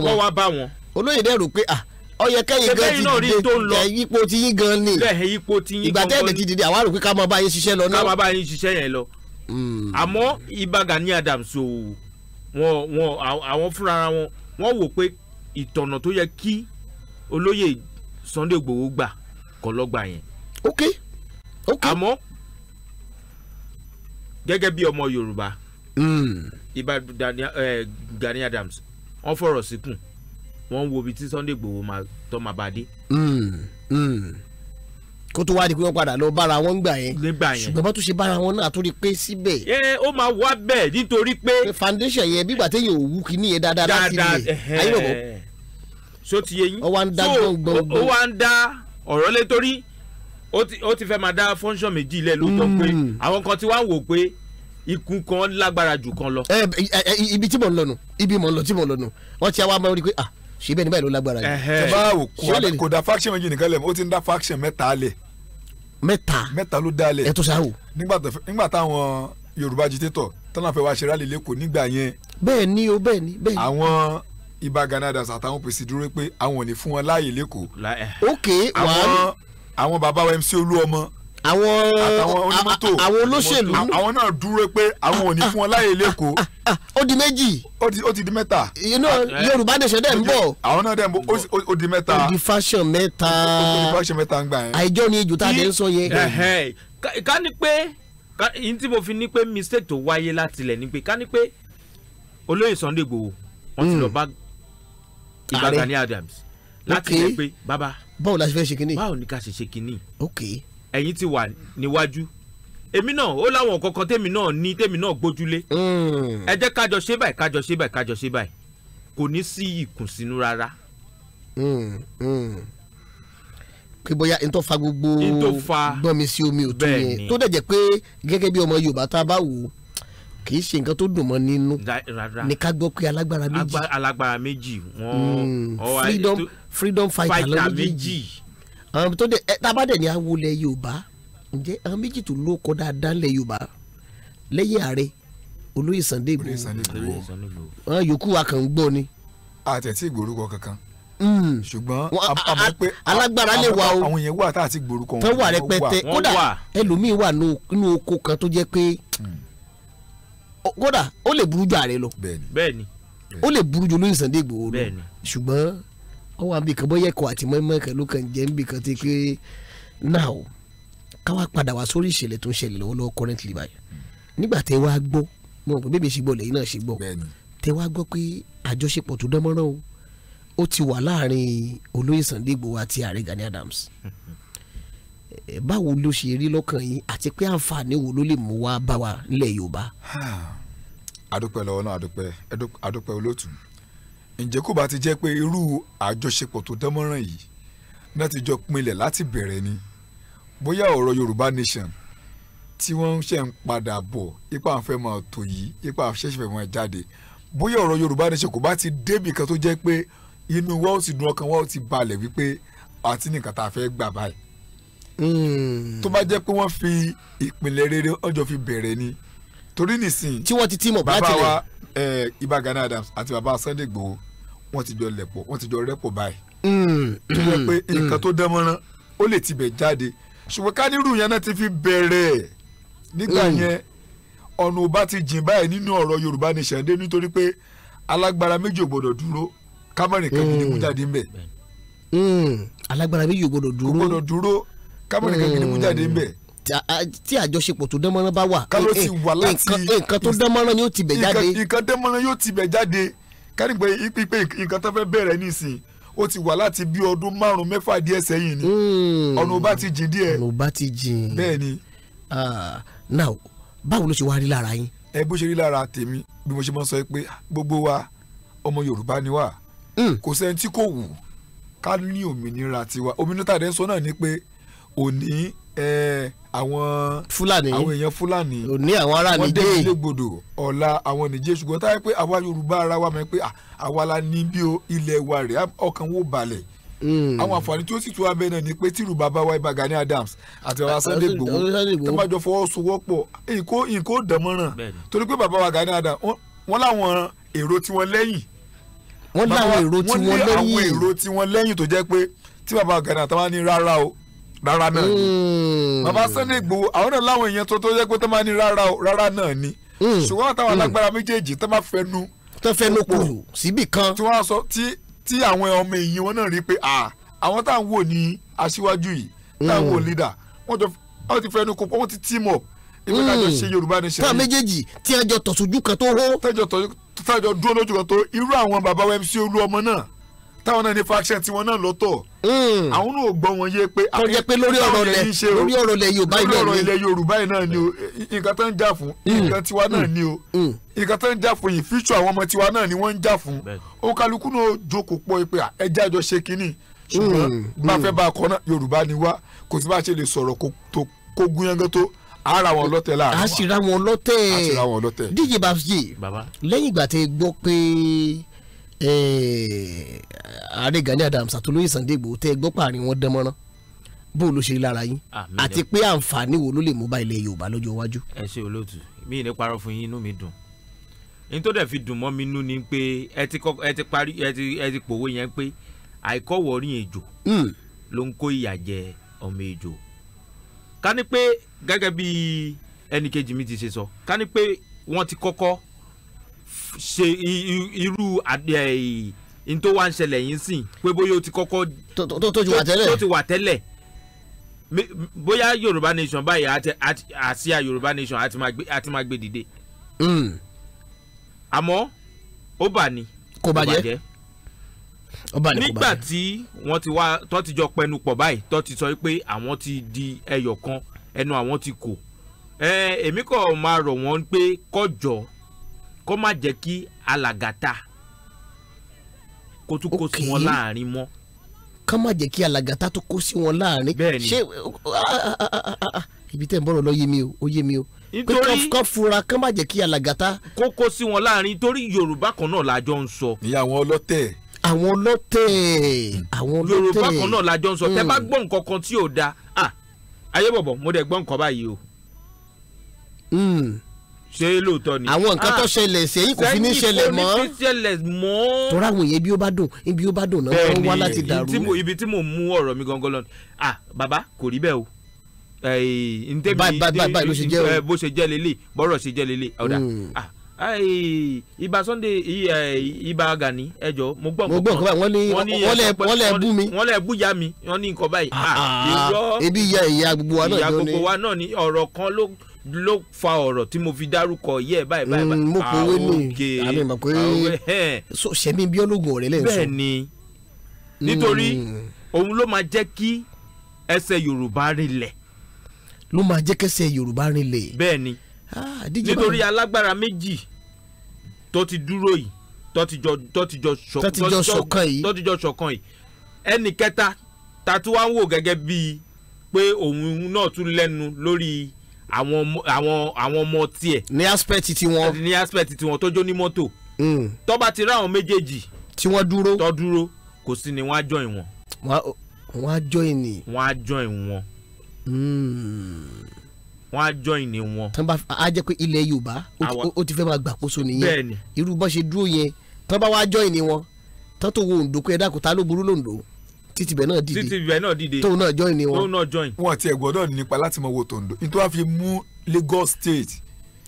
wọn olóyè dẹ̀ rò pé ah ọyẹ kẹyìn gan ti dìde ẹ yípo ti yín gan ni ìgbà tẹ́lẹ̀ ti dìde àwa rò pé ká máa bá yín ṣiṣẹ́ lọ náà. ká máa bá yín ṣiṣẹ́ yẹn lọ. Hmm. àmọ́ ibà Gani Adams o wọn wọn àwọn fúnra wọn wọn wò pé ìtọ̀nà tó yẹ kí olóyè Sunday Igboho gbà kọ́ lọ́gbà yẹn. ok ok àmọ́ gẹ́gẹ́ bí ọmọ Yorùbá ibà hmm. eh, Gani Adams wọ́n fọ̀rọ̀ síkùn. Si wọ́n ń wo ibi tí Sunday Igboho tó máa bá dé. Hmm, hmm. kó tó wá di pé wọ́n padà lọ bára wọn gbà yẹn nígbà yẹn ṣùgbọ́n bá tún ṣe bára wọn náà tó rí pé síbẹ̀. ẹ ó máa wá bẹ́ẹ̀ nítorí pé. foundation yẹn bí gbàtẹ́ yẹn ò wú kí nìyẹn dáadáa láti rè ayé bọ̀ so ti yẹ yín so ó wá ń dá ọ̀rọ̀ lé torí ó ti fẹ́ máa dá fọ́nṣọ̀n méjì ilẹ̀ lóòótọ́ pé hmm. àwọn kan ti wá wò pé ikú kan lágbára jù kan lọ. ibi tí mò ń lọ nù ibi mò ń lọ tí mò ń lọ nù wọ́n ti wá máa rí i pé ah síbẹ̀ níbẹ̀ ló lágbára yìí. ṣọba wò kò da faction méjì nìkan lẹ̀ faction mẹ́ta lẹ̀. mẹ́ta mẹ́ta ló da lẹ̀. ẹ tó sáwò. nígbà táwọn yorùbá agitator tọ́nà fẹ́ wá ṣe rálẹ̀ nígbà yẹn. bẹ́ẹ̀ ni o bẹ́ẹ̀ ni bẹ́ẹ̀ ni. àwọn ibà ganadas àtàwọn pèsè dúró pé àwọn ò ní fún wọn láàyè lẹ́kọ̀ọ́. Eh. ok wàá. àwọn bàbá wa MC Olúọmọ àwọn àwọn olóṣèlú àwọn náà dúró pé àwọn ò ní fún wọn láyè lẹ́kọ̀ọ́ Ah, ó di méjì. ó ti di mẹ́ta. inú ah, eh. yorùbá nation dẹ̀ ń bọ̀. àwọn náà dẹ̀ ń bọ̀ ó di mẹ́ta. ó di fashion mẹ́ta. ó di fashion mẹ́ta ń gbà yẹn. àìjọ ni ejò tá a dẹ̀ ń sọ yẹn. Eh, eh. ká ní pé yín tí mo fi ní pé mistake tó wáyé láti ilẹ̀ ni pé ká ní pé olóyè Sunday Igboho wọ́n ti hmm. lọ bá Ìbà Gani Adams láti ilẹ̀ pé bàbá. báwo la ṣe fẹ́ ṣe kínní. báwo ni ká ṣe ṣe kínní. ok ẹ̀yin ti wà níwájú èmi náà ó láwọn kankan tèmi náà ní tèmi náà gbójúlé mm. ẹ jẹ́ kájọ ṣe báyìí kájọ ṣe báyìí kájọ ṣe báyìí kò ní sí ìkùnsínú rárá. Mm, mm. pé bóyá n tó fa gbogbo gbọ́n mi sí omi òtún yẹn tó dẹ̀ jẹ́ pé gẹ́gẹ́ bí ọmọ Yorùbá tá a bá wò ó kì í ṣe nǹkan tó dùn mọ́ nínú ní ká gbọ́ pé alágbára méjì alágbára méjì freedom freedom fighter méjì àwọn tó dẹ̀ tá a bá dẹ̀ ní awolẹ̀ Yorùbá ǹjẹ́ àwọn méjì tó ló kọ́ dáadáa ńlẹ̀ yorùbá lẹ́yìn ààrẹ olóyè Sunday Igboho wọn yòókù wa kàn ń gbọ́ ni. àtẹ̀tí ìgbòrúkọ kankan hmm. ṣùgbọ́n àmọ́ pé alágbára lè wà o àwọn yẹn wà tá a ti gbòrúkọ wọn. tọ́wọ́ rẹpẹtẹ kódà ẹlòmíín wà nínú oko kan tó jẹ́ pé hmm. kódà ó lè burú ju ààrẹ lọ bẹ́ẹ̀ni ó lè burú ju olóyè Sunday Igboho lọ ṣùgbọ́n ó wà níbi àti mọ́ẹ́mọ́ ló kàn jẹ́ níbi kan ti pé náà o káwá padà wá sórí ìṣẹ̀lẹ̀ tó ń ṣẹlẹ̀ lọ́wọ́lọ́wọ́ currently báyìí nígbà tẹ wá gbọ́ mo rò pé bébè ṣe gbọ́ lẹ́yìn náà ṣe gbọ́ tẹ wá gbọ́ pé àjọṣepọ̀ tó dán mọ́rán o ó ti wà láàrin olóyè Sunday Igboho àti ààrẹ Gani Adams báwo ló ṣe rí lọ́kàn yín àti pé àǹfààní wo ló lè mú wá bá wa nílẹ̀ Yorùbá. adúpẹ́ lọ́wọ́ náà adúpẹ́ adúpẹ́ olóòtú ǹjẹ́ kó bá ti jẹ́ pé irú àjọṣepọ̀ tó dán yìí náà ti jọ pinlẹ̀ láti bẹ̀rẹ̀ ni bóyá ọ̀rọ̀ Yorùbá nation tí wọ́n ṣe ń padà bọ̀ ipa àwọn fẹ́ máa tò yìí ipa àṣẹṣẹ fẹ́ máa jáde bóyá ọ̀rọ̀ Yorùbá nation kò bá ti débì kan tó jẹ́ pé inú wa ó ti dùn ọkàn wa ó ti balẹ̀ wípé àti nìkan tá a fẹ́ gbà báyìí. Hmm. tó bá jẹ́ pé wọ́n fi ìpìlẹ̀ rere ọjọ́ fi bẹ̀rẹ̀ ni torí nìsín. tí wọ́n ti tí mọ̀ bá tilẹ̀. bàbá wa Ìbà Gani Adams àti bàbá Sunday Igboho wọ́n ti jọ lẹ̀pọ̀ wọ́n ti jọ rẹ́pọ̀ báyìí. Hmm. tó jẹ́ pé hmm. nǹkan tó ṣùgbọ́n kánírù yẹn náà ti fi bẹ̀rẹ̀ nígbà hmm. yẹn ọ̀nà ò bá ti jìn báyìí nínú ọ̀rọ̀ Yorùbá ní sẹ̀ńdé nítorí pé alágbára méjì ò gbọdọ̀ dúró kámẹ́rìn kan gidi mú hmm. jáde ńbẹ̀. Hmm. alágbára méjì ò gbọdọ̀ dúró kò gbọdọ̀ dúró kámẹ́rìn kan gidi mú jáde ńbẹ̀. tí àjọṣepọ̀ tó dánmọ́rán bá wà eh, nǹkan tó dánmọ́rán yóò ti bẹ̀ jáde. nǹkan dánmọ́rán yóò ti bẹ̀ jáde kárí pé nǹkan tó fẹ́ bẹ̀rẹ̀ nísìnyí ó ti wà láti bí ọdún márùn mẹ́fà díẹ̀ sẹ́yìn ni hmm. ọ̀nà ọba ti jìn díẹ̀ ọ̀nà ọba ti jìn bẹ́ẹ̀ ni. Ah, now báwo ló ṣe wá rí lára yín. ẹ bó ṣe rí lára tèmi bí mo ṣe mọ sọ pé gbogbo wa ọmọ Yorùbá ni wá hmm. kò sẹ́ni tí kò wù ká ní òmìnira tiwa òmìnira tàdé sọ náà ni pé òní àwọn fúlàní àwọn èèyàn fúlàní òní àwọn ará nìjẹ́ wọ́n dé ilé ọ̀la àwọn nìjẹ́ ṣùgbọ́n táyé pé àwa yorùbá ara wa mọ̀ pé àwa la ní bí ilẹ̀ wa rẹ̀ ọkàn wo balẹ̀ hmm. àwọn àǹfààní tí sì tún abẹ́ náà ni pé tìrù bàbá wa ibà Gani Adams àti bàbá Sunday Igboho tó bá jọ fọwọ́sowọ́pọ̀ ìkó ìkó dánmọ́ràn torí pé bàbá wa Gani Adams wọ́n láwọn èrò tiwọn lẹ́yìn wọ́n láwọn èrò tiwọn lẹ́yìn tó jẹ́ pé tí bàbá wa Gani Adams táwọn ní rárá o rárá náà ni hmm. bàbá Sunday Igboho àwọn náà láwọn èèyàn tó tó yẹ pé tó máa ní rárá o rárá náà ni hmm. ṣùgbọ́n àtàwọn hmm. alágbára méjèèjì tó máa fẹnu tó fẹnu kù síbì kan tí wọ́n sọ tí tí àwọn ọmọ èèyàn wọn náà rí pé àwọn táwọn wò ní aṣíwájú yìí táwọn wò leader wọ́n ti fẹnu kù wọ́n ti team up ìpè kájọ ṣe yorùbá ní ṣe. táwọn méjèèjì tí a jọ tọ̀sójú kan tó hó. tẹ́jọ dúró lójú kan tó irú àwọn bàbá wa MC Olúọmọ náà táwọn náà ní faction tiwọn náà lọ́tọ̀ hmm. àwọn náà gbọ́ wọn yé pé. tó jẹ́ pé lórí ọ̀rọ̀ lẹ lórí ọ̀rọ̀ lẹ Yorùbá yìí náà ni lórí ọ̀rọ̀ ilẹ̀ Yorùbá yìí náà ni o nǹkan tó ń jà fún hmm. nǹkan tiwa náà hmm. ni o nǹkan tó ń jà fún yìí future àwọn ọmọ tiwa náà ni wọ́n ń jà fún o kálukú náà jókòó pọ̀ pé ẹja jọ ṣe kínní ṣùgbọ́n bá fẹ́ bá a kọ́ náà Yorùbá ni wá kò sí bá a ṣe lè sọ̀rọ̀ kó gún yẹn gán ara wọn lọtẹ láàrin wa a sì ra wọn lọtẹ díje bàbá lẹ́yìn ìgbà tẹ́ gbọ́ pé ààrẹ eh, Gani Adams àtolóyè Sunday Igboho tẹ́ ẹ gbọ́ pààrin wọn dánmọ́rán bó ló ṣe lára yín àti pé àǹfààní wo ló lè mú bá ilẹ̀ Yorùbá lọ́jọ́ iwájú. ẹ ṣe olóòtú mi ì ní parọ́ fún yín inú mi dùn ní tó dẹ̀ fi dùn mọ́ mi nú ni pé ẹ ti kọ́ ẹ ti parí ẹ ti ẹ ti pòwe yẹn pé àìkọ́wọ̀ọ́rìn ejò hmm. ló ń kó ìyà jẹ ọmọ ejò ká ní pé gẹ́gẹ́ bí ẹnìkejì mi ti ṣe sọ ká ní pé wọ́n ti kọ́kọ́ ṣe irú n tó wá ń ṣẹlẹ̀ yín sìn pé bóyá o ti kọ́kọ́ tó ti wà tẹ́lẹ̀ bóyá yorùbá nation báyìí àsíá yorùbá nation àti máa gbé dìde. Hmm. àmọ́ ó bà ní. kò bàjẹ́ ó bà ní kò bàjẹ́. nígbà tí wọ́n ti wá tó ti jọ pẹnu pọ̀ báyìí tó ti sọ pé àwọn ti di ẹyọ kan ẹnu àwọn ti kò. èmi kò máa rọ̀ wọ́n pé kọjọ́ kó má jẹ́ kí alàgàtà kó tún kó sí wọn láàrin mọ́. kán má jẹ́ kí alàgàtà tó kó sí wọn láàrin. bẹ́ẹ̀ni ṣé ah, ah, ah, ibi tẹ́ ń bọ̀rọ̀ lọ yé mi o ó yé mi o. nítorí pé kán fura kán má jẹ́ kí alàgàtà. kó kó sí wọn láàrin torí yorùbá kan náà la jọ ń sọ. ní àwọn ọlọ́tẹ̀. àwọn ọlọ́tẹ̀. àwọn ọlọ́tẹ̀. yorùbá kan náà la jọ ń sọ tẹ́ bá hmm. gbọ́ nǹkan kan tí ò da ah, bọ̀bọ̀ mo dẹ̀ gbọ́ nǹkan báyìí o. Hmm ṣé lóòótọ́ ni. àwọn nǹkan tó ah, ṣẹlẹ̀ sẹ́yìn kò fi ní ṣẹlẹ̀ mọ́. sẹ́yìn kò ní fi ṣẹlẹ̀ mọ́. tọ́ra àwọn èyí bí ó bá dùn ibi ó bá dùn náà wọ́n wá láti dàrú. ibi tí mo mú ọ̀rọ̀ mi gangan lọ ah bàbá kò rí bẹ́ẹ̀ o ntẹ́bi bó ṣe jẹ́ o bó ṣe jẹ́ lélẹ̀ bọ́rọ̀ ṣe jẹ́ lélẹ̀ ọ̀dà ibà hmm. ah, Sunday ibà Gani ẹjọ mo gbọ́ nǹkan báyìí wọ́n ní wọ́n lẹ̀ bú mi wọ́n lẹ̀ bú ya mi wọ́n ní nǹkan báyìí. Ah, ebi ya ìyá gbogbo wa náà ni ọ̀rọ̀ kan ló ló fa ọ̀rọ̀ tí mo fi dárúkọ yẹ báyìí báyìí báyìí. Mm, mo kò wé ní ah, àmì mọ̀ pé sẹ́mi bí ológun ọ̀rẹ́ lẹ́yìn sọ. bẹ́ẹ̀ ni mm. nítorí òun ló máa jẹ́ kí ẹsẹ̀ Yorùbá rinlẹ̀. ló máa jẹ́ kẹsẹ̀ Yorùbá rinlẹ̀. bẹ́ẹ̀ ni ah, nítorí alágbára méjì tó ti dúró yìí tó ti jọ tó ti jọ ṣọ̀kan yìí tó ti jọ ṣọ̀kan ẹnì kẹta ta ń wò gẹ́gẹ́ bíi pé òun náà tún lẹ́nu lórí àwọn àwọn àwọn ọmọ tiẹ̀. ní aspect ti wọn. ní aspect ti wọn tó jó ní mọ́tò. Mm. tó bá ti rá àwọn méjèèjì. tí wọ́n dúró. tó dúró kò sí ni wọ́n á join wọn. wọ́n á join ni. wọ́n á join wọn. Mm. wọ́n á join ni wọn. tán bá a jẹ́ pé ilẹ̀ yorùbá ó ti fẹ́ máa gbàkóso nìyẹn. bẹ́ẹ̀ni irú bọ́n ṣe dúró yẹn tán bá wá join ni wọn tán tó wo òǹdó pé ẹ ta ló burú lóǹdó títí bẹ́ẹ̀ náà dìde títí bẹ́ẹ̀ náà dìde tóun náà join ni wọn. tóun náà join. wọn àti ẹ̀gbọ́n náà nípa láti mọ wo tòǹdó nítorí wọn fi mú Lagos State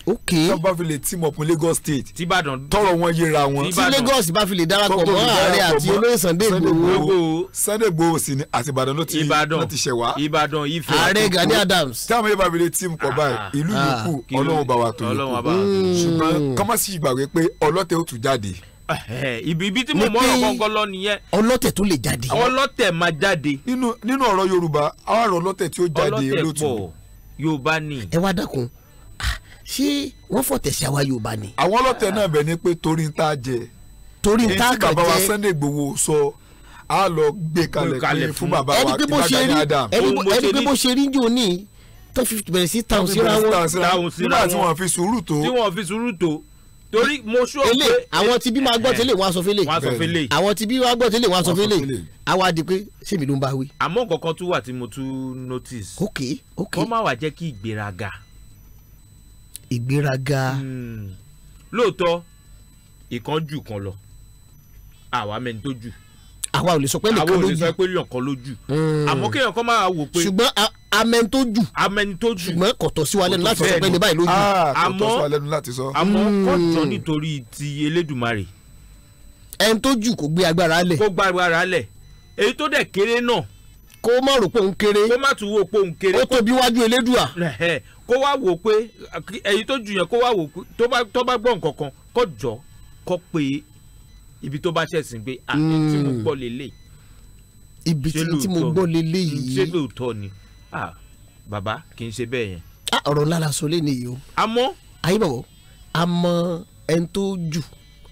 ok tó bá fi lè team up Lagos State tìbàdàn tọrọ wọn yẹra wọn tí Lagos bá fi lè darapọ̀ mọ́ ààrẹ àti olóyè Sunday Igboho Sunday Igboho sì ni àti Ìbàdàn ló ti Ìbàdàn ti ṣẹ̀ wá Ìbàdàn Ifẹ̀ ààrẹ Gani Adams táwọn yẹn bá fi lè team pọ̀ báyìí ah. ìlú yòókù ah, Ọlọ́run bá wa tó yòókù hmm. ṣùgbọ́n kọ́mọ́sí ìgbàgbé pé ọlọ́tẹ̀ ó tún jáde. ibi tí mo mọ ọ̀rọ̀ kọ̀ọ̀kan lọ nìyẹn. ọlọ́tẹ̀ tó lè jáde. ọlọ́tẹ̀ máa jáde. nínú ọ̀rọ̀ yorùbá àárọ̀ ọlọ́tẹ̀ tí ó jáde lótú. ọlọ́tẹ̀ pọ̀ yorùbá ni. ẹ wá dákun ṣé wọ́n fọ̀tẹ̀ sí àwa yorùbá ni. àwọn ọlọ́tẹ̀ náà bẹ̀ ni pé torí ta jẹ. torí ta kàn jẹ. èyí bàbá wa Sunday Igboho sọ a lọ gbé kalẹ̀ fún bàbá wa Gani Adam. ẹni pé bó ṣe rí jù ní tó fi bẹ̀rẹ̀ sí tàùn síra wọn. nígbà tí wọ́n fi sùúrù tó. tí wọ́n fi sùúrù tó torí mo eh, sọ pé àwọn tí bí máa gbọ́ tẹ́lẹ̀ wọ́n á sọ fẹ́lẹ̀ àwọn tí bí máa gbọ́ tẹ́lẹ̀ wọ́n á sọ fẹ́lẹ̀ àwa di pé sèmi ló ń bá wí. àmọ́ nǹkan kan tún wà tí mo tún notice. ok ok kọ́ máa wà jẹ́ kí ìgbéraga. ìgbéraga. Hmm. lóòótọ́ ìkan jù kan lọ àwa mẹ́ni tó jù àwa ò lè sọ pé nìkan lójú àwa ò lè sọ pé yànkan lójú hmm. àmọ́ kéèyàn kan máa wò pé. ṣùgbọ́n amẹni tó jù amẹni tó jù ṣùgbọ́n kò tọ́ sí wa lẹ́nu láti sọ pé ní báyìí lójú. Ah, àmọ́ àmọ́ kò tọ́ hmm. nítorí ti Elédùmarè. ẹni tó jù kò gbé agbára lẹ̀. kò gbé agbára lẹ̀ èyí tó dẹ̀ kéré náà kó má rò pé òun kéré kó má tún wò pé òun kéré ó tóbi wájú elédùà kó wá wò pé èyí tó jù yẹn kó wá wò pé tó bá gbọ́ nǹkan kan kó jọ kó pe ibi tó bá ṣẹ̀sìn gbé àti ah, hmm. tí mo gbọ́ lélẹ̀ ibi tí mo gbọ́ lélẹ̀ hmm, yìí ṣé lóòótọ́ ni ah, bàbá kì í ṣe bẹ́ẹ̀ yẹn. Ah, ọ̀rọ̀ ńlá la sọ lé nìyí o. àmọ́. ayé bàbá àmọ́ ẹni tó jù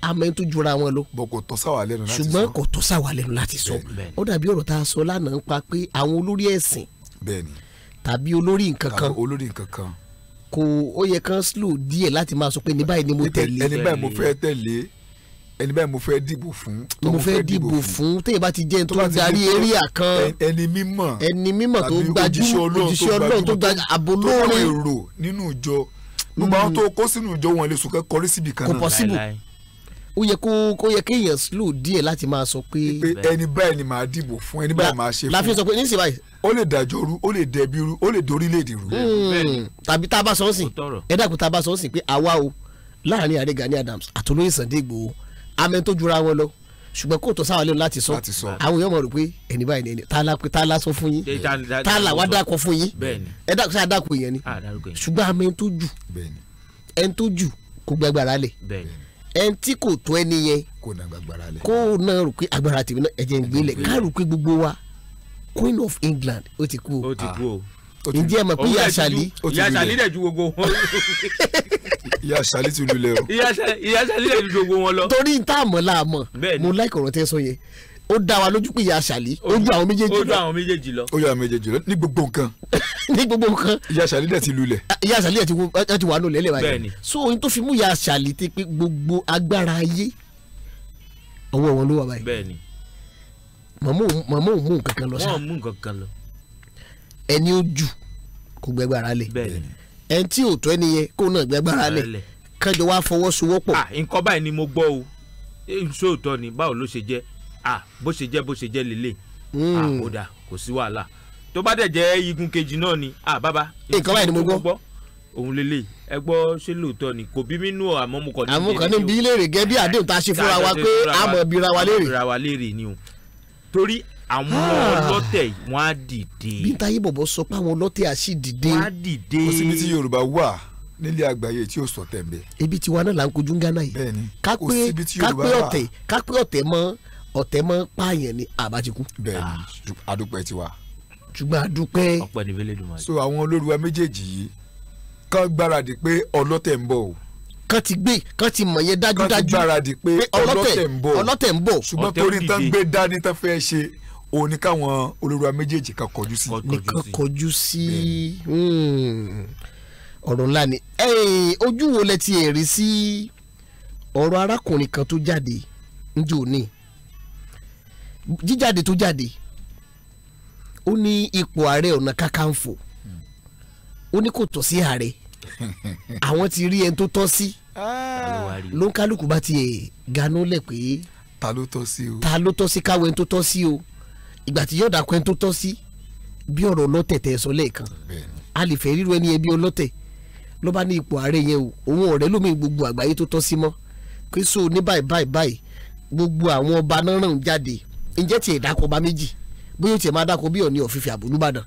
àmọ́ ẹni tó jura wọn lọ. bọ̀ kò tọ́ sáwà lẹ́nu láti sọ. ṣùgbọ́n kò tọ́ sáwà lẹ́nu láti sọ. ó dàbí ọ̀rọ̀ tá a sọ lánàá ń pa pé àwọn olórí ẹ̀sìn. bẹ́ẹ̀ni. tàbí olórí nǹkan kan. tàbí olórí nǹkan kan. kò ó yẹ kán slow díẹ̀ láti máa sọ pé ní báyìí ni mo tẹ̀lé. ẹni báyìí mo fẹ́ tẹ̀lé ẹni bẹ́ẹ̀ mo fẹ́ dìbò fún. mo fẹ́ dìbò fún tẹ́yẹ̀ bá ti jẹ́ ẹni tó darí eréà kan ẹni mímọ̀ ẹni mímọ̀ tó gbajúmọ̀ òjíṣẹ́ ọlọ́run tó gbajúmọ̀ àbólóore. tó wọ́n èrò nínú ìjọ gbogbo àwọn tó mm. kó sínú ìjọ wọn lè sùn kẹ́ kọrí síbi kan náà. kò pọ́síbù ó yẹ kó kó yẹ kéèyàn slow díẹ̀ láti máa sọ pé. ẹni báyìí ni màá dìbò fún ẹni báyìí màá ṣe fún. láfi sọ pé níṣẹ́ báyìí. ó lè dàjọ́ rú ó lè dẹbi rú ó lè dorílẹ̀-èdè rú. Hmm. tàbí tá a bá sọ ọ́ sìn ẹ dàgbù tá a bá sọ ọ́ sìn pé àwa o láàrin ààrẹ Gani Adams àtolóyè Sunday Igboho amẹ́ tó jura wọn lọ ṣùgbọ́n kò tó sáwọn lẹ́nu láti sọ àwọn èèyàn mọ̀ rò pé ẹni báyìí ni tààlà pé tààlà sọ fún yín tààlà wà dàkọ fún yín ẹ dàkọ sáà dàkọ yẹn ni ṣùgbọ́n amẹ́ tó jù ẹni tó jù kò gbàgbára lẹ̀ ẹni tí kò tó ẹni yẹn kò náà rò pé agbára tèmi náà ẹ̀jẹ̀ ń gbélé ká rò pé gbogbo wa Queen of England ó ti kú o ǹjẹ́ ẹ mọ̀ pé ìyá àṣàlí. ìyá àṣàlí dẹ̀ ju gbogbo wọn. ìyá àṣàlí ti lulẹ̀ o. ìyá àṣàlí dẹ̀ ju gbogbo wọn lọ. torí n tá àmọ́ la mọ̀ mo láìkọ̀ ọ̀rọ̀ tẹ́ sọ yẹn ó dá wa lójú pé ìyá àṣàlí ó ju àwọn méjèèjì lọ. ó ju àwọn méjèèjì lọ. ó àwọn méjèèjì lọ ní gbogbo nǹkan. ní gbogbo nǹkan. ìyá àṣàlí dẹ̀ ti lulẹ̀. Ah, ìyá àṣàlí dẹ̀ ti wà lulẹ̀ lẹ́wà yẹn. so ohun tó fi mú ìyá àṣàlí ti pé gbogbo agbára ayé ọwọ́ wọn ló wà báyìí. bẹ́ẹ̀ni. màmá òun mú nǹkan kan lọ ẹni ó jù kó gbẹgbàrà lẹ̀ ẹni tí ò tó ẹni yẹn kó náà gbẹgbàrà lẹ̀ kájọ wá fọwọ́sowọ́pọ̀. Ah, nǹkan báyìí ni mo gbọ́ o sóòótọ́ ni báwo ló ṣe jẹ́ ah, bó ṣe jẹ́ bó ṣe jẹ́ lélẹ̀ àkódà hmm. ah, kò sí wàhálà tó bá dẹ̀ jẹ́ igun kejì náà ni bàbá nǹkan báyìí ni mo gbọ́ òun lélẹ̀ ẹ gbọ́ ṣé lóòótọ́ ni kò bí mi nù mo kàn ní. àmọ́ kàn ní bí bí àdéhùn tá a ṣe fúnra wa pé àmọ́ bíra wa léèrè. torí àwọn ah. ọlọ́tẹ̀ wọ́n á dìde. bí n ta yé bọ̀bọ̀ sọ pé àwọn ọlọ́tẹ̀ á sì dìde. wọ́n á dìde. kò síbi tí Yorùbá wà nílé àgbáyé tí ó sọ tẹ̀m̀bẹ̀. ebi tiwa náà là ń kojú Ghana yìí. bẹ́ẹ̀ni kò síbi tí Yorùbá wà. kápẹ́ ọ̀tẹ̀ kápẹ́ ọ̀tẹ̀ mọ́ pààyàn ni àbájikú. bẹ́ẹ̀ni adúpẹ́ tiwa. ṣùgbọ́n adúpẹ́. ọ̀pẹ ni vélé dùnmọ́. so àwọn olóríwa méjèèjì yìí kán gbáradì pé ọlọ́tẹ̀ ń bọ̀ o. kán ti gbé kán ti mọ̀ yẹn dájúdájú. kán ti gbáradì pé ọlọ́tẹ̀ ń bọ̀. ṣùgbọ́n torí tán gbé dání tán fẹ́ ṣe òun ni káwọn olórí wa méjèèjì kan kọjú sí. nìkan kọjú sí hmm. ọ̀rọ̀ ńlá ni ojú wo lẹ ti rí sí ọ̀rọ̀ arákùnrin kan tó jáde njó ní jíjáde tó jáde ó ní ipò ààrẹ ọ̀nà kakanfò ó ní kò tọ́ sí ààrẹ àwọn ti rí ẹni tó tọ́ sí ah. ló ń kálukú bá ti ganú lẹ̀ pé ta ló tọ́ sí o ta ló tọ́ sí káwé ẹni tó tọ́ sí o. ìgbà tí yóò dàkọ́ ẹni tó tọ́ sí bí ọ̀rọ̀ ọlọ́tẹ̀ tẹ̀ sọ lẹ́ẹ̀kan a lè fẹ́ ríro ẹni ẹbí ọlọ́tẹ̀ ló bá ní ipò ààrẹ yẹn o òun ọ̀rẹ́ lómi gbogbo àgbáyé tó tọ́ sí mọ́ pé so ní báyìí báyìí báyìí gbogbo àwọn ọba náà ràn jáde ǹjẹ́ tiẹ̀ dákọ̀ ọba méjì bóyá tiẹ̀ máa dákọ̀ bí ọ̀ní ọ̀fífì àbúlúbàdàn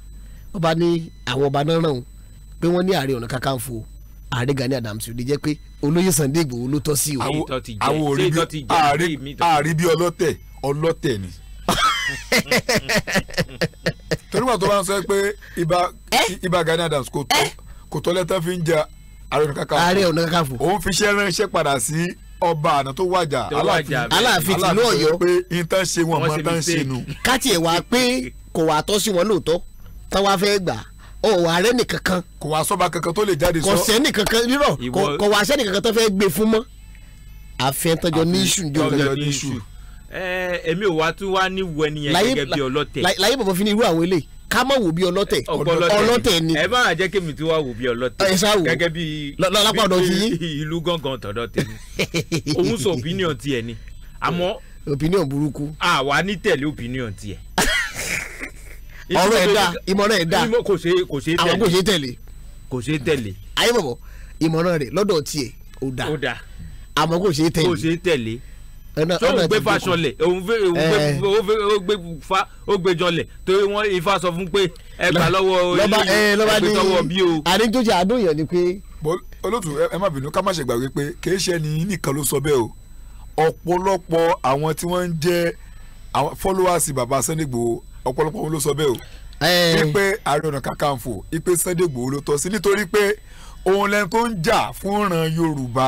ààrẹ Gani Adams ò ní jẹ́ pé olóyè Sunday Igboho ló tọ́ sí o. àwo àwo ààrẹ bí ọlọ́tẹ̀ ọlọ́tẹ̀ ni torí wà tó bá ń sọ pé ibà eh? Gani Adams kò tó eh? kò tó lẹ́tọ́ fi ń jẹ ààrẹ ọ̀nà ààrẹ ọ̀nà kakanfò òun fi ṣẹ́ ránṣẹ́ padà sí ọba àná tó wàjà aláàfin tìlú Ọ̀yọ́ pé nǹkan ṣe wọn mọ tán ṣe nu. káti ẹ̀ wá pé kò wá tọ́ sí wọn lóòótọ́ tán wá fẹ́ gbà ó wà ààrẹ nìkankan. kò wá sọ́ba kankan tó lè jáde sọ. kò sẹ́ni kankan rírọ̀ kò wá sẹ́ni kankan tó fẹ́ gbé fún mọ́ àfihàn ní iṣu. ní iṣu Eh, èmi ò wá tún wá ní wọ ẹni yẹn gẹ́gẹ́ bí ọlọ́tẹ̀. láyé bàbá fi ni irú àwọn eléyìí ká má wò bí ọlọ́tẹ̀ ọlọ́tẹ̀ ni. ẹ bá jẹ́ kémi tí wàá wò bí ọlọ́tẹ̀. ẹ sá gẹ́gẹ́ bí lápàdọ̀ ti yín. ìlú gángan tọ̀dọ̀ tèmi òun sọ opinion tiẹ̀ ni àmọ́. opinion burúkú. àwa ní tẹ̀lé opinion tiẹ̀. ọ̀rọ̀ ẹ̀ dá ìmọ̀ràn ẹ̀ dá kò ṣe tẹ̀lé kò ṣe tẹ̀lé. ayé bàbá ìmọ̀ràn rẹ̀ lọ́dọ̀ tiẹ̀ ò dá àmọ́ kò ṣe tẹ̀lé. kò ṣe tẹ̀lé tó ń gbé fa sọlẹ̀ òun gbé fa ó gbé jọlẹ̀ torí wọ́n ifá sọ fún pé ẹ gbà lọ́wọ́ ẹgbẹ́ tọwọ́ bí o. àdéjọ́jà àdóyàn ni pé. olóòtú ẹ má bínú ká má ṣe gbàgbé pé kì ṣe ẹni nìkan ló sọ bẹ́ẹ̀ o ọ̀pọ̀lọpọ̀ àwọn tí wọ́n ń jẹ́ followers baba Sunday ọ̀pọ̀lọpọ̀ wọn ló sọ bẹ́ẹ̀ o wípé Ààrẹ Ọ̀nà Kakanfò wípé Sunday Igboho ló tọ́ sí nítorí pé òun lẹ́nu tó ń jà fún ìran Yorùbá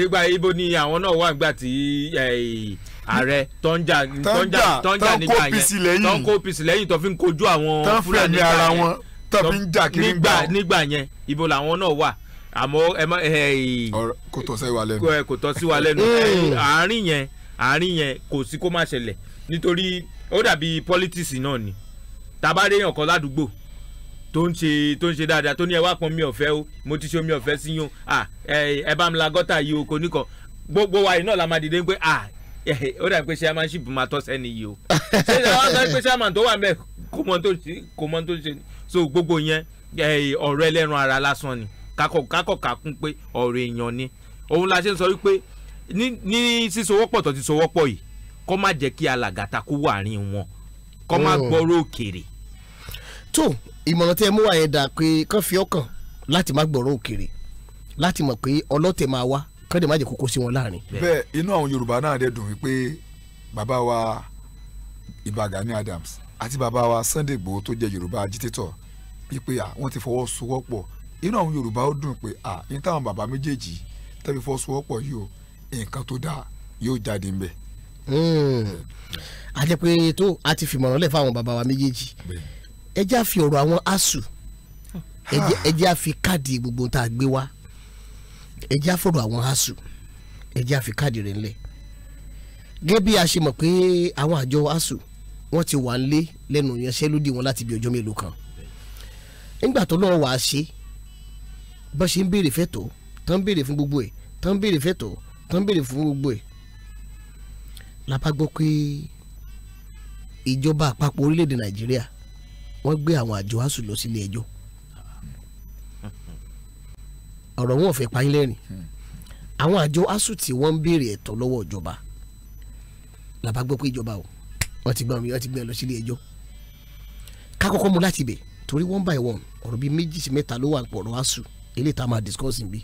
ìgbà ibo ni àwọn náà wà nígbà tí eh, ààrẹ tọ́njà tọ́njà tọ́njà nígbà yẹn tọ́n kó pc lẹ́yìn tó fi ń kojú àwọn fúlàní ara wọn tó fi ń jà kiri gbà nígbà yẹn ibo làwọn náà wà àmọ́ ẹ má kò tọ́ sí wa lẹ́nu kò tọ́ sí wa lẹ́nu hmm. àárín yẹn àárín yẹn kò sí kó má ṣẹlẹ̀ nítorí ó dàbí politics náà ni tabaréyàn kan ládùúgbò tó ń ṣe tó ń ṣe dáadáa tó ní ẹ wá pọn mi ọ̀fẹ́ o mo ti ṣe omi ọ̀fẹ́ sí yín o ẹ bá mi la gọ́tà yìí o kò ní kọ gbogbo wa yìí náà la máa dìde pé ó dàbí pé chairmanship máa tọ́ sẹ́ni yìí o ṣé ìjọba wá sọ pé chairman tó wà mẹ́ kò mọ tó ṣe kò mọ tó ṣe so gbogbo yẹn ọ̀rọ̀ ẹlẹ́ran ara lásán ni kakọ̀ kakọ̀ kakún pé ọ̀rọ̀ èèyàn ni òun la ṣe ń sọ wípé ní sísowọ́pọ̀ tó ti sowọ́pọ̀ yìí kó má jẹ́ kí alàgàtà kó wà ìmọ̀ràn tí ẹ mú wá yẹn dà pé kán fi ọkàn láti má gbọ́rọ̀ òkèrè láti mọ̀ pé ọlọ́tẹ̀ máa wá kán lè má jẹ́ kókó sí wọn láàrin. bẹ́ẹ̀ inú àwọn yorùbá náà dẹ̀ dùn wípé bàbá wa Ìbà Gani Adams àti bàbá wa Sunday Igboho tó jẹ́ yorùbá agitator wípé wọ́n ti fọwọ́sowọ́pọ̀ inú àwọn yorùbá ó dùn pé à ní táwọn bàbá méjèèjì tẹ́bí fọwọ́sowọ́pọ̀ yìí o nǹkan tó dáa yóò jáde ńbẹ̀. Hmm. a jẹ́ pé tó a ti fìmọ̀ràn lẹ̀ fáwọn bàbá wa méjèèjì ẹjẹ́ àfi ọ̀rọ̀ àwọn asù ẹjẹ́ àfi káàdì gbogbo tá a gbé wá ẹjẹ́ àfọ̀rọ̀ àwọn asù ẹjẹ́ àfi káàdì rẹ̀ ńlẹ̀ gẹ́gẹ́ bí a ṣe mọ̀ pé àwọn àjọ asù wọ́n ti wà ńlé lẹ́nu ìyanṣẹ́lódì wọn láti bí ọjọ́ mélòó kan nígbà tó lọ́wọ́ wàá ṣe bọ́n ṣe ń béèrè fẹ́tọ̀ tán béèrè fún gbogbo ẹ̀ tán ń béèrè fẹ́tọ̀ tán béèrè fún gbogbo ẹ̀ la gbọ́ pé ìjọba àpapọ̀ orílẹ̀-èdè Nàìjíríà wọ́n gbé àwọn àjọ asù lọ sílé ẹjọ́ ọ̀rọ̀ wọn ò fẹ́ pààyàn lẹ́rìn àwọn àjọ asù tí wọ́n ń béèrè ẹ̀tọ́ lọ́wọ́ ìjọba làbá gbọ́ pé ìjọba o wọ́n ti gbà wọ́n ti gbé lọ sílé ẹjọ́ ká mu láti bẹ̀ torí one by one ọ̀rọ̀ bíi méjì sí mẹ́ta ló wà pọ̀rọ̀ asù eléyìí tá a máa discuss níbí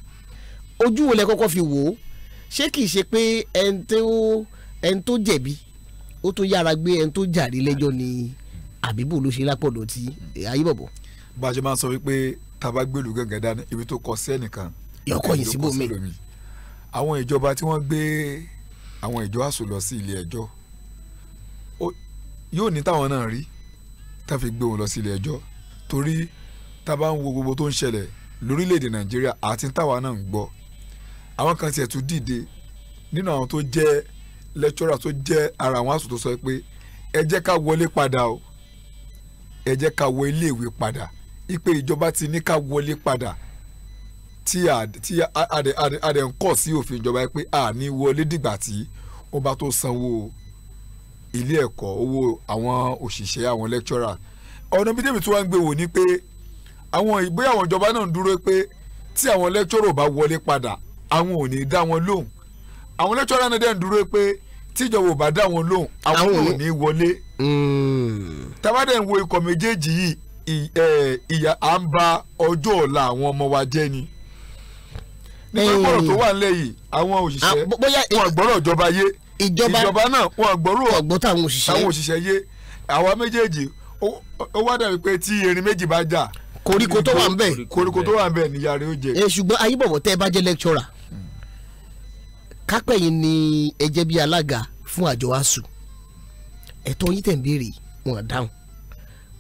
ojú wo lẹ kọ́kọ́ fi wò ó ṣé kìí ṣe pé ẹni tó jẹ̀bi ó tó yára gbé ẹni tó jàre lẹ́jọ́ ni àbí bò ló ṣe lápọ̀dọ̀ ti ayé bọ̀bọ̀. bá a ṣe máa ń sọ wípé tá a bá gbèlú gángan dání ibi tó kọ sí ẹnìkan yọkọ yìí síbò mi. àwọn ìjọba tí wọ́n gbé àwọn ìjọ àsùn lọ sí ilé ẹjọ́ yóò ní táwọn náà rí tá a fi gbé wọn lọ sí ilé ẹjọ́ torí tá ń wo gbogbo tó ń ṣẹlẹ̀ lórílẹ̀‐èdè nàìjíríà àti táwa náà ń gbọ́ àwọn kan tiẹ̀ tún dìde nínú àwọn tó jẹ́ lẹ́tọ́rà tó jẹ́ ara àwọn àsùn tó sọ pé ẹ jẹ́ ká wọlé padà o ẹ jẹ́ ká wọ iléèwé padà ipe ìjọba ti ní ká wọlé padà tí adẹ̀ ń kọ̀ sí òfin ìjọba pé a ní wọlé dìgbà tí wọ́n bá tó sanwó ilé ẹ̀kọ́ owó àwọn òṣìṣẹ́ àwọn lecturer ọ̀nà bí tèmi tí wọ́n ń gbé wò ni pé àwọn ìbóyá àwọn ìjọba náà ń dúró pé tí àwọn lecturer bá wọlé padà àwọn ò ní dá wọn lóhùn àwọn lecturer náà dẹ̀ ń dúró pé tíjọba ò bá dá wọn lóhùn àwọn ò ní wọlé. Mm tabadẹ ń wo ikọ̀ méjèèjì yìí ìyá à ń ba ọjọ́ ọ̀la àwọn ọmọ wa jẹ́ ni nípa ìgbọ́rọ̀ tó wà nílẹ̀ yìí àwọn òṣìṣẹ́ ah, wọn gbọ́rọ̀ ìjọba yé ìjọba náà wọn gbọ́rọ̀ àwọn òṣìṣẹ́ yé àwa méjèèjì ó wá dàbí pé tí erin méjì bá jà koríko tó wà ń bẹ̀ koríko tó wà ń bẹ̀ níyà rẹ̀ ó jẹ. ẹ ṣùgbọ́n ayíbọ̀bọ̀ tẹ́ ẹ bá jẹ́ lẹ́kítọ́rà kápẹ́yìn ni ẹ jẹ́ bí alága fún àjọ asuu ẹ̀tọ́ yín tẹ̀ ń béèrè yìí wọn dáhùn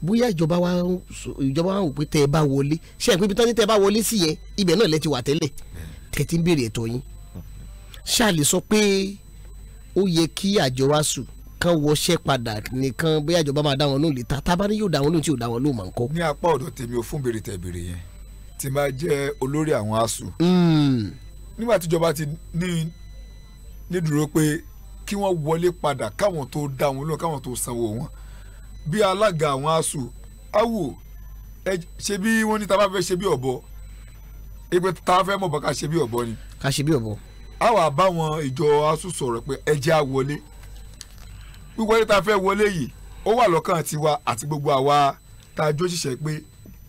bóyá ìjọba wa ìjọba wa wò pé tẹ́ ẹ bá wọlé ṣe é pé ibi tán ní tẹ́ ẹ bá wọlé sí yẹn ibẹ̀ náà lẹ ti wà tẹ́lẹ̀ tẹ́ ti ń béèrè ẹ̀tọ́ yín ṣáàlì sọ pé ó yẹ kí àjọ wa sùn kan wọṣẹ́ padà nìkan bóyá ìjọba máa dá wọn lóhùn létà tá a bá ní yóò dá wọn lóhùn tí yóò dá wọn lóhùn máa ń kọ́. ní apá ọ̀dọ̀ tèmi ò fún béèrè tẹ̀ yẹn tí máa jẹ́ olórí àwọn asuu. Hmm. nígbà tíjọba ti ní nídúró pé kí wọ́n wọlé padà káwọn tó dá wọn lóhùn káwọn tó sanwó wọn bí alága àwọn asuu awo ẹ ṣe bí wọ́n ní tá bá fẹ́ ṣe bí ọ̀bọ ìpè tá a fẹ́ mọ̀ bá ká ṣe bí ọ̀bọ ni. ká ṣe bí ọ̀bọ. a wà báwọn ìjọ asuu sọ̀rọ̀ pé ẹ jẹ́ àwọlé wíwọlé tá a fẹ́ wọlé yìí ó wà lọ́kàn tiwa àti gbogbo àwa tá a jó ṣiṣẹ́ pé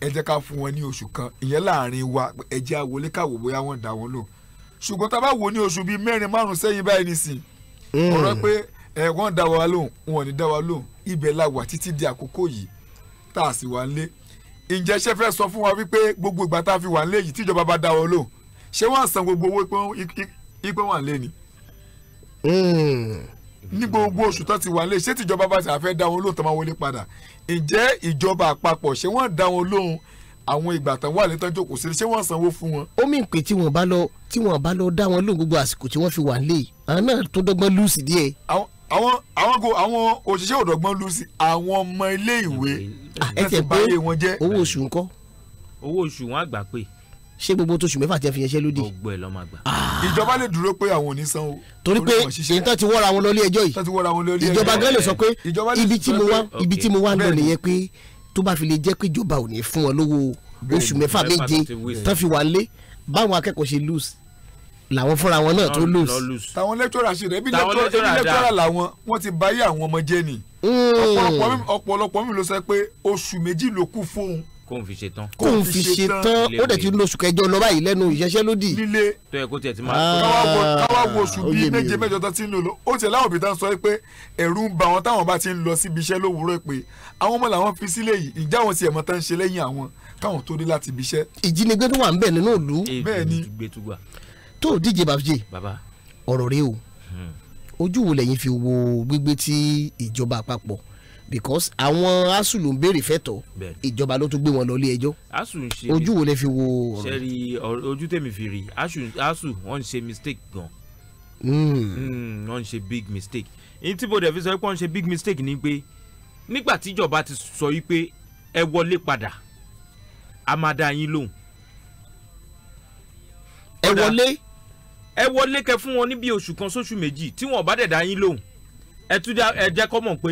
ẹ ká fún wọn ní oṣù kan ìyẹn láàrin wa ẹ jẹ́ àwọlé káwọ́ bóyá wọ́n dá wọn lò ṣùgbọ́n tá a bá wò ní oṣù bíi mẹ́rin márùn-ún sẹ́yìn báyìí nìsín mm. ọ̀rọ̀ pé ẹ̀ wọ́n dá wa lóhùn wọn ò ní dá wa lóhùn ibẹ̀ la wà títí di àkókò yìí tá a sì wà nílé ǹjẹ́ ṣe fẹ́ sọ fún wa wípé gbogbo ìgbà tá a fi wà nílé yìí tíjọba bá dá wọn lò ṣé wọ́n san gbogbo owó ipe wà nílé ni. Hmm. ní gbogbo oṣù tó ti wà nílé ṣé tíjọba bá ṣàfẹ́ dá wọn lóhùn tó máa wọlé padà ǹjẹ́ ìjọba àpapọ̀ ṣé wọ́n dá wọn lóhùn àwọn ìgbà tán wà létọ́jú kò sí ṣé wọ́n sanwó fún wọn. ó mìíràn pé tí wọ́n bá lọ tí wọ́n bá lọ dá wọn lóhùn gbogbo àsìkò tí wọ́n fi wà nílé àwọn náà tó dọ́gbọ́n lùsì díẹ̀. àwọn àwọn àwọn ko àwọn òṣìṣẹ́ ọ̀dọ́gbọ́n lu sí àwọn ọmọ ilé ìwé láti báyé wọn jẹ́. owó oṣù ńkọ́. owó oṣù wọn àgbà pé. ṣé gbogbo oṣù mẹ́fà tẹ́ fi yẹn ṣe lódì. gbogbo ẹ̀ ló máa gbà. Ah. ìjọba lè dúró pé àwọn ò ní san o. torí pé ìtàn ti wọ́ra wọn lọ ilé ẹjọ́ yìí ìjọba gan lè sọ pé ibi tí mo wá ibi tí mo wá ń lọ nìyẹn pé tó bá fi lè jẹ́ pé ìjọba ò ní fún wọn lówó oṣù mẹ́fà méje tán fi wà lé báwọn akẹ́kọ̀ọ́ ṣe lose làwọn fúnra wọn náà tó lose. tàwọn lecturer sì rẹ̀ ebi lecturer làwọn wọ́n ti báyé àwọn ọmọ jẹ́ ni. Hmm. ọ̀pọ̀lọpọ̀ mi ló sọ pé oṣù méjì ló kù fóun kóun fi ṣe tán. kóun fi ṣe tán ó dẹ̀ ti ń lo oṣù kẹjọ lọ báyìí lẹ́nu ìṣẹ́ṣẹ́lódì. líle tó yẹ kó tiẹ̀ ti máa. Ah. káwá wo oṣù bíi méje mẹ́jọ tán ti ń lò lọ ó tiẹ̀ láwọn òbí sọ pé ẹ̀rù ń ba wọn táwọn bá ti ń lọ síbi iṣẹ́ lówùúrọ̀ pé àwọn ọmọ làwọn fi sílẹ̀ yìí ìjà wọn tiẹ̀ mọ́ tán ń ṣe lẹ́yìn àwọn káwọn tó dé láti ibi iṣẹ́. ìjínigbé tó wà ń bẹ nínú ìlú tó díje babjé ọ̀rọ̀ rẹ o hmm. ojú wo lẹ́yìn fi wo gbígbé tí ìjọba àpapọ̀ because àwọn asu ló ń béèrè fẹ́tọ̀ ìjọba ló tún gbé wọn lọ ilé ẹjọ́ ojú wo lẹ fi wo ọ̀rọ̀. sẹ́rí ojú tèmi fi rí asu wọ́n ń ṣe mistake gan hmm. Hmm, wọ́n ṣe big mistake ní tí bòdè fi sọ pé wọ́n ṣe big mistake ni pé nígbà tíjọba ti sọ yìí pé ẹ wọlé padà a máa dá yín lóhùn. ẹ wọlé ẹ wọlé kẹ fún wọn ní bí oṣù kan sóṣù méjì tí wọn bá dẹ̀dá yín lóhùn ẹ tún ẹ jẹ́ kọ́ mọ̀ pé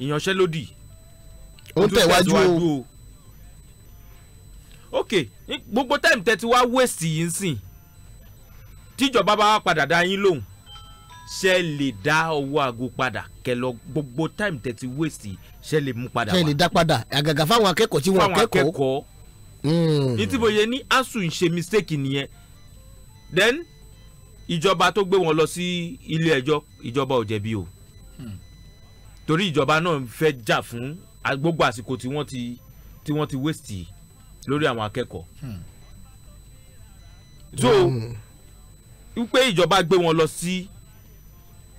ìyanṣẹ́lódì. ó tẹ̀wájú o. ok gbogbo time tẹ ti wá wéèsì yìí ń sìn tíjọba bá wá padà dá yín lóhùn ṣe lè dá owó aago padà kẹlọ gbogbo time tẹ ti wéèsì ṣe lè mú padà wá. ṣe lè dá padà àgàgà fáwọn akẹ́kọ̀ọ́ tí wọ́n akẹ́kọ̀ọ́ hmm. ní tí mo ní asu ń ṣe mistake nìyẹn then ìjọba tó gbé wọn lọ sí ilé ẹjọ́ ìjọba ò jẹ̀bi o hmm. torí ìjọba náà fẹ́ jà fún gbogbo àsìkò tí wọ́n ti tí wọ́n ti waste lórí àwọn akẹ́kọ̀ọ́ hmm. so hmm. wípé ìjọba gbé wọn lọ sí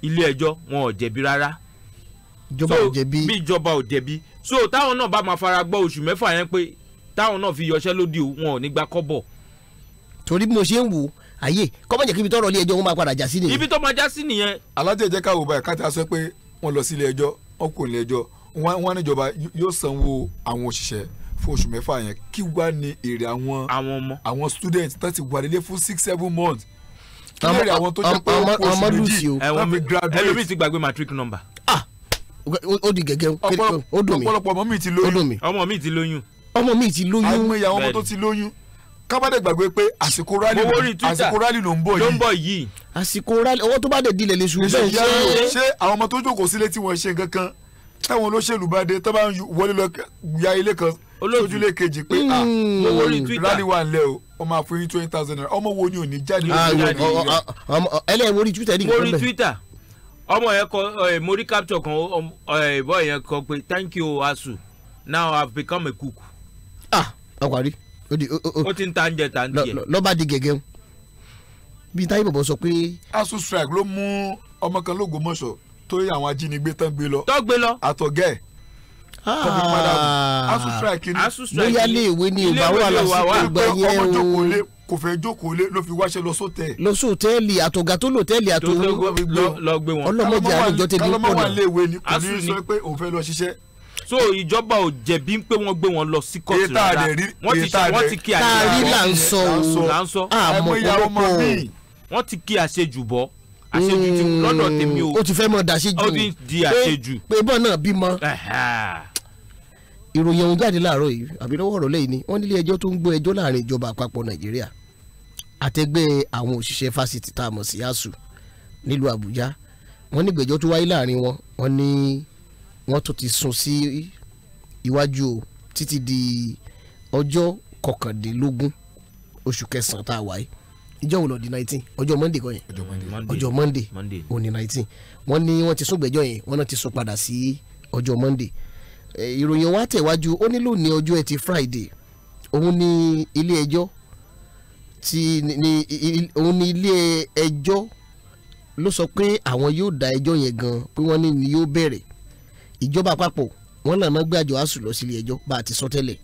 ilé ẹjọ́ wọn ò jẹ̀bi rárá ìjọba ò jẹ̀bi bí ìjọba ò jẹ̀bi so táwọn náà bá máa fara gbọ́ oṣù mẹ́fà yẹn pé táwọn náà fi yọṣẹ́ lódì wọn ò ní gba kọ́bọ̀. torí mo ṣe ń wò ó ayé kọ́mọ̀ jẹ́ kí ibi tọ́rọ̀ ilé ẹjọ́ wọn máa padà já sí nìyẹn. ibi tó máa já sí nìyẹn. alájẹ jẹ́ káwọ́ báyìí káta sọ pé wọ́n lọ sí ilé ẹjọ́ wọ́n kò ní ẹjọ́ wọ́n níjọba yóò sanwó àwọn òṣìṣẹ́ fún oṣù mẹ́fà yẹn kí wá ní èrè àwọn àwọn student tó ti wà nílé fún six seven months kí lè rí àwọn tó jẹ́ pé oṣù méjì wọ́n fi graduate. ẹlòmíì ti gbàgbé matric number. ah ó di gẹ́gẹ́ ó dùn mi. ọ̀pọ̀lọpọ̀ ọmọ mi ti lóyún ọmọ mi ti lóyún ọmọ mi ti lóyún àìmọye àwọn ọmọ tó ti lóyún kábàdé gbàgbé pé àsìkò rally àsìkò rally ló ń bọ̀ yìí. àsìkò rally owó tó bá dé dilẹ̀ lè ṣubú bẹ́ẹ̀ ṣe. ṣé àwọn ọmọ tó jókòó sílé tí wọ́n ṣe nǹkan kan táwọn olóṣèlú bá dé tó bá ń wọlé lọ ya ilé kan lójúlé kejì pé a ah, mm. rally wà ń lẹ o wọ́n máa fún yín twenty thousand naira ọmọ wo ni ò ní jáde ẹlẹ́yìn ah, wo twitter ní ìgbà bẹ́ẹ̀. ọmọ yẹn kọ mo capture kan ìbọn yẹn kọ pé thank you asu now i become a cook. ah ọkọ̀ àrí. O di ó ti ń ta oúnjẹ ta ní tiẹ̀. lọ́ba di gẹ́gẹ́ bíi táyé bọ̀bọ̀ sọ pé. asu strike ló mú ọmọ kan lóògùn mọ̀ṣọ́ tó yẹ àwọn ajínigbé tán gbé lọ. tó gbé lọ. àtọ̀gẹ́ tọ́bi padà wò ah. strike ni. asu strike ni bóyá ilé ìwé ni ìwà wà lásìkò ìgbà yẹn o. ọmọ jókòó lé kò fẹ́ jókòó lé ló fi wáṣẹ lọ sóòtẹ́ẹ̀lì. lọ sóòtẹ́ẹ̀lì àtọ̀gá tó lòtẹ́ẹ̀lì àtọ̀wé ọlọ́mọdé àlejò tẹ̀lé pọ̀ náà. kálọ́mọ́ wà lé ìwé ni kò ní sọ pé òun so ìjọba ò jẹ̀bi pé wọ́n gbé wọn lọ sí kọ́ọ̀tù rárá wọ́n ti ṣe wọ́n ti kí àṣejù bọ́ kárí là ń sọ o là ń sọ àmọ́ ọ̀pọ̀ wọ́n ti kí àṣejù bọ́ àṣejù ti mm. lọ́dọ̀ tèmi o ó ti fẹ́ mọ̀ dàṣejù ó ti di àṣejù pé bọ́ọ̀ náà bímọ ìròyìn ọ̀hún jáde láàárọ̀ yìí àbí lọ́wọ́ ọ̀rọ̀ lẹ́yìn ni wọ́n nílé ẹjọ́ tó ń gbọ́ ẹjọ́ láàrin ìjọba àpapọ̀ nàìjíríà àtẹgbẹ́ àwọn òṣìṣẹ́ fásitì tá a mọ̀ sí asu nílùú àbújá wọ́n nígbẹ̀jọ́ tó wáyé láàrin wọn wọ́n ní wọ́n tún ti sún sí iwájú o títí di ọjọ́ kọkàndínlógún oṣù kẹsàn-án tá a wáyé ìjọ wo lọ di nineteen ọjọ́ monday kọ́ yẹn ọjọ́ monday ò ní nineteen wọ́n ní wọ́n ti sún gbẹ́jọ́ yẹn wọ́n náà ti sún padà sí ọjọ́ monday ìròyìn wa tẹ̀wájú ó nílò ní ọjọ́ ti friday òun ní ilé ẹjọ́ ti ní òun ní ilé ẹjọ́ ló sọ pé àwọn yóò dá ẹjọ́ yẹn gan pé wọ́n ní ni yóò bẹ̀rẹ̀ ìjọba àpapọ̀ wọn náà gbé àjọ asùn lọ sílé ẹjọ́ bá a ti sọ tẹ́lẹ̀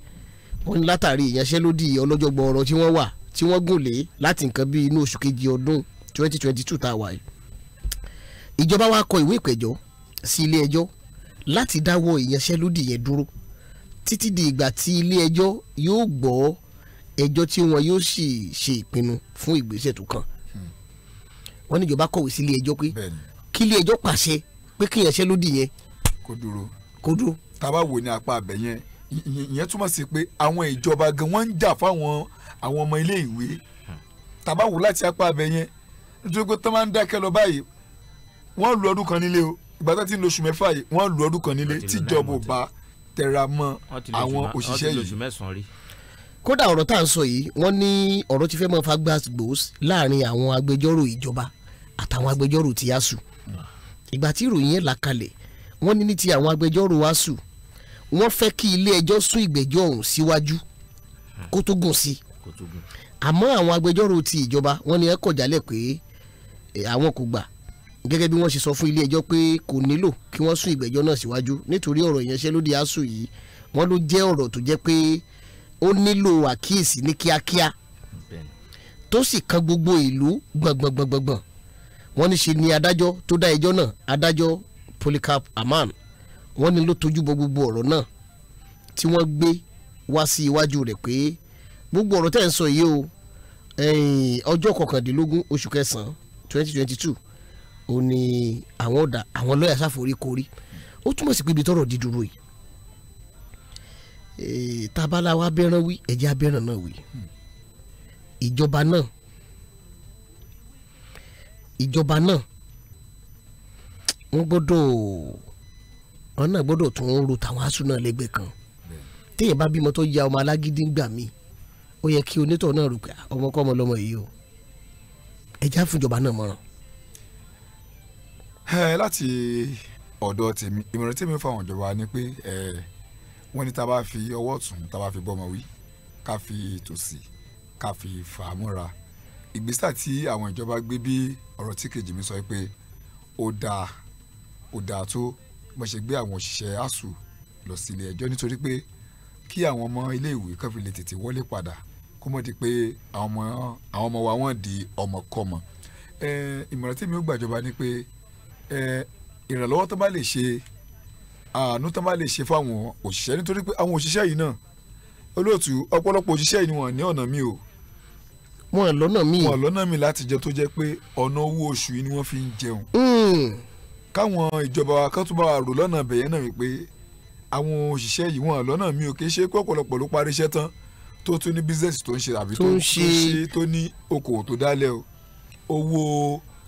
wọn ní látàrí ìyanṣẹ́lódì ọlọ́jọ́ gbọ́ọ̀rọ̀ tí wọ́n wà tí wọ́n gùn lé láti nǹkan bíi inú oṣù kejì ọdún 2022 tá a wà yìí ìjọba wa kọ ìwé ìpẹ̀jọ́ sí ilé ẹjọ́ láti dáwọ́ ìyanṣẹ́lódì yẹn dúró títí di ìgbà tí ilé ẹjọ́ yóò gbọ́ ẹjọ́ tí wọn yóò sì ṣe ìpinnu fún ìgbésẹ̀ tó kàn hmm. wọ́n ní ìjọba kọ̀wé sí ilé ẹjọ́ pé kí ilé ẹjọ́ pàṣẹ pé kí ìyanṣẹ́lódì yẹn kó dúró. kó dúró. tá a bá wò ní apá abẹ yẹn ìyẹn túmọ̀ sí pé àwọn ìjọba gan wọ́n ń jà fáwọn àwọn ọmọ ilé ìwé tá a bá wò láti apá abẹ yẹn nítorí pé tán máa ń dákẹ́ lọ báyìí wọ́n lu ọdún kan nílé o ìgbà tó ti ń lo oṣù mẹ́fà yìí wọ́n lu ọdún kan nílé tíjọba ò bá tẹra mọ́ àwọn òṣìṣẹ́ yìí kódà ọ̀rọ̀ tá à ń sọ yìí wọ́n ní ọ̀rọ̀ ti fẹ́ mọ́ fagbásgbòs láàrin àwọn agbẹjọ́rò ìjọba àtàwọn agbẹjọ́rò ti yasù ìgbà tí ìròyìn yẹn là kalẹ̀ wọ́n ní ní ti àwọn agbẹjọ́rò asuu wọ́n fẹ́ kí ilé ẹjọ́ sún ìgbẹ́jọ́ ọ̀hún síwájú kó tó gùn sí àmọ́ àwọn agbẹjọ́rò ti ìjọba wọ́n ní ẹ kọ̀ jálẹ̀ pé àwọn kò gbà gẹ́gẹ́ bí wọ́n ṣe sọ fún ilé ẹjọ́ pé kò nílò kí wọ́n sún ìgbẹ́jọ́ náà síwájú nítorí ọ̀rọ̀ ìyanṣẹ́lódì asuu yìí wọ́n ló jẹ́ ọ̀rọ̀ tó jẹ́ pé ó nílò àkíyèsí ní kíákíá tó sì kan gbogbo ìlú gbọ̀ngbọ̀ngbọ̀ngbọ̀n wọ́n ní ṣe ni adájọ́ tó dá ẹjọ́ náà adájọ́ Polycarp Aman wọ́n ní ló tójú bọ gbogbo ọ̀rọ̀ náà tí wọ́n gbé wá sí iwájú rẹ̀ pé gbogbo ọ̀rọ̀ tẹ̀ ń sọ yìí o ọjọ́ kọkàndínlógún oṣù kẹsàn-án twenty twenty two ó àwọn ọ̀dà àwọn lọ́ọ̀yà sáforíkorí ó túmọ̀ sí pé ibi tọ́rọ̀ dídúró yìí tabala wa abẹ́rán wí ẹ̀jẹ̀ abẹ́rán náà wí ìjọba náà ìjọba náà ń gbọ́dọ̀ wọn náà gbọ́dọ̀ tún ń ru tàwọn aṣọ náà lẹ́gbẹ̀ẹ́ kan téèyàn bá bímọ tó ya ọmọ alágídí ń gbà mí ó yẹ kí onítọ̀ náà rò pé ọmọkọ́mọ lọmọ yìí o ẹja fúnjọba náà mọ̀ràn. láti ọ̀dọ̀ tèmi ìmọ̀ràn tèmi fáwọn ìjọba ni pé wọ́n ní tá a bá fi ọwọ́ tún tá a bá fi bọ́mọ wí ká fi tòsí ká fi fà á múra ìgbésẹ̀ tí àwọn ìjọba gbé bí ọ̀rọ̀ tí kejì mi sọ pé ó dáa ò dáa tó mo ṣe gbé àwọn òṣìṣẹ́ ASUU lọ sí ilé ẹjọ́ nítorí pé kí àwọn ọmọ iléèwé kan fi lè tètè wọlé padà kó mọ̀ di pé àwọn ọmọ wa wọ́n di ọmọkọ́mọ ìmọ̀ràn tí mi ò gbàjọba ni pé ìrànlọ́wọ́ tó bá lè ṣe àánú tó bá lè ṣe fáwọn òṣìṣẹ́ nítorí pé àwọn òṣìṣẹ́ yìí náà olóòtú ọ̀pọ̀lọpọ̀ òṣìṣẹ́ yìí ni ní ọ̀nà mi o wọn lọ́nà mi wọn lọ́nà mi láti jẹ tó jẹ́ pé ọ̀nà owó oṣù yìí ni wọ́n fi ń jẹun hmm káwọn ìjọba wa kan tún bá wa rò lọ́nà bẹ̀yẹn náà wípé àwọn òṣìṣẹ́ yìí wọ́n lọ́nà mi ò kì í ṣe pọ̀pọ̀lọpọ̀ ló parí iṣẹ́ tán tó tún ní bísíǹsì tó ń ṣe àbí tó ń ṣe tó ní okòwò tó dálẹ̀ o owó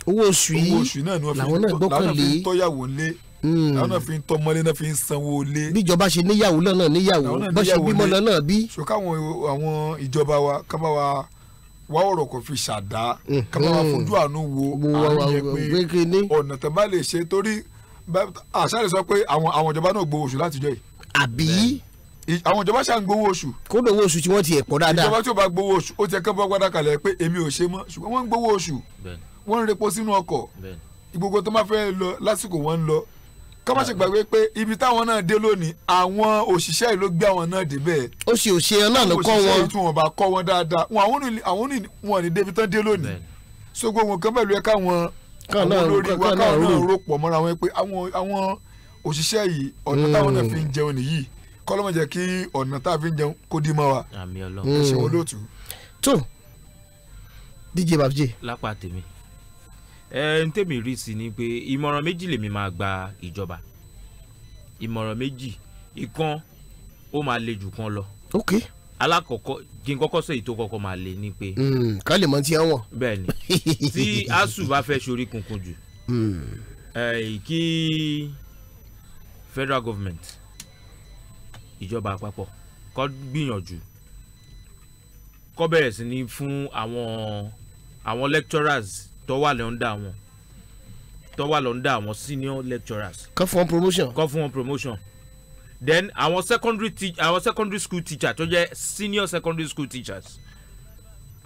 owó oṣù yìí owó oṣù náà ni wọ́n fi ń tọ́yàwó lé hmm. àwọn náà fi ń tọmọlé náà fi ń sanwó lé. bíjọba ṣe níyàwó lọ́nà níyàwó bó ṣe bímọ lọ́nà bí. so àwọn ìjọba wa ká wa wá ọ̀rọ̀ kò fi ṣàdá ká bá wa fojú àánú wo àwọn yẹn pé ọ̀nà tẹ̀ bá lè ṣe torí àṣàlẹ̀ sọ pé àwọn àwọn ìjọba náà gbowó oṣù látijọ́ yìí. àbí. àwọn ìjọba ṣáà ń gbowó oṣù. kó lówó oṣù tí wọ́n ti ẹ̀ pọ̀ dáadáa. ìjọba tí ò bá gbowó oṣù ó ti ẹ̀ kẹ́bọ́ gbádà kalẹ̀ pé èmi ò ṣe mọ́ ṣùgbọ́n wọ́n gbowó oṣù wọ́n ń repo sínú ọkọ̀ gbogbo tó máa fẹ́ lọ lásìkò wọ́n ń lọ kọ́ má ṣe gbàgbé pé ibi táwọn náà dé lónìí àwọn òṣìṣẹ́ yìí ló gbé àwọn náà débẹ̀. ó ṣe òṣìṣẹ́ náà ló kọ́ wọn. àwọn òṣìṣẹ́ yìí tí wọ́n bá kọ́ wọn dáadáa wọn àwọn ní wọn ní débi tán dé lónìí. so gbogbo nǹkan pẹ̀lú ẹ káwọn àwọn olórí wa káwọn náà rò pọ̀ mọ́ra wọn pé àwọn òṣìṣẹ́ yìí ọ̀nà táwọn náà fi ń hmm. jẹun nìyí kọ́lọ́mọ jẹ́ kí ọ̀nà tá a fi ń jẹun kó dí mọ́ wa. àmín Ọlọ́run ẹ ṣe wọn hmm. lóòtú. tó DJ Babji. lápá tèmi ẹ ń tèmi rí sí ni pé ìmọ̀ràn méjì lèmi máa gba ìjọba ìmọ̀ràn méjì ìkan ó máa le jù kan lọ. ok alákọ̀ọ́kọ́ kí n kọ́kọ́ sọ èyí tó kọ́kọ́ máa le ni pé. Hmm, ká lè mọ tí wọ́n. bẹ́ẹ̀ni tí asuu bá fẹ́ sori kunkun jù hmm. kí federal government ìjọba àpapọ̀ kó gbìyànjú kó bẹ̀rẹ̀ sí ni fún àwọn àwọn lecturers tó wà lọ́ndà wọn tó wà lọ́ndà àwọn senior lecturers. kọ́ fún wọn promotion. kọ́ fún wọn promotion then àwọn secondary teach àwọn secondary school teacher tó jẹ́ senior secondary school teachers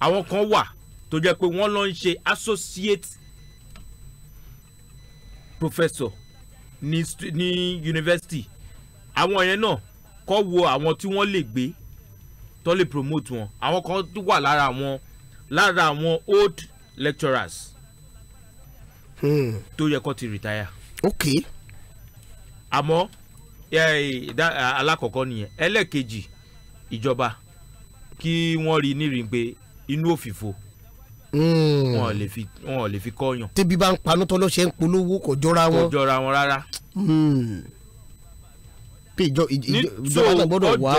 àwọn kan wà tó jẹ́ pé wọ́n lọ ń ṣe associate professor ní ní university àwọn yẹn náà kọ́ wo àwọn tí wọ́n lè gbé tó lè promote wọn àwọn kan wà lára àwọn lára àwọn old lecturers Hmm. tó yẹ kó ti retire. ok. àmọ́ alákọ̀ọ́kọ́ nìyẹn ẹlẹ́ẹ̀kejì ìjọba kí wọ́n rí nírìí pé inú òfìfo wọn ò hmm. lè fi wọn ò lè fi kọyàn. tẹ́bí bá ń panú tọ́lọ́ ṣe ń polówó kò jọra wọn. kò jọra wọn rárá. Hmm. pé ìjọba náà gbọ́dọ̀ wá.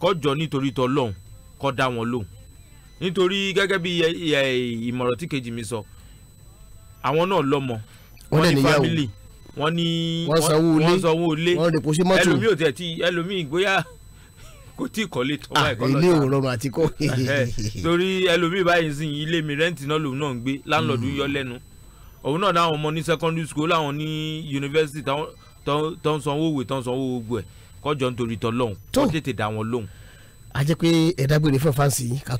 kọjọ nítorí tọlọ́hún kọ́ dá wọn lóhùn nítorí gẹ́gẹ́ bí ìmọ̀ràn tí kejì mi sọ àwọn náà lọ́mọ wọ́n ní family wọ́n ní wọ́n sanwó ilé ẹlòmíì ò tẹ̀ tí ẹlòmíì gbóyà kò tí ì kọ́lé tọ́ báyìí kọ́lọ́ ah, ilé òrọ̀rùn àti kọ́. torí ẹlòmíì báyìí sìn ilé mi rẹ́ǹtì náà lòun náà ń gbé láńlọ́ọ̀dù hmm. yọ lẹ́nu òun náà dáhùn ọmọ ní secondary school láwọn ní university tó ń sanwó òwe tó ń sanwó gbogbo ẹ̀ kọjọ nítorí tọ́lọ́hún kọ́ tètè dá wọn lóhùn a jẹ́ pé ẹ̀ẹ́dàgbére fún fáǹsì ká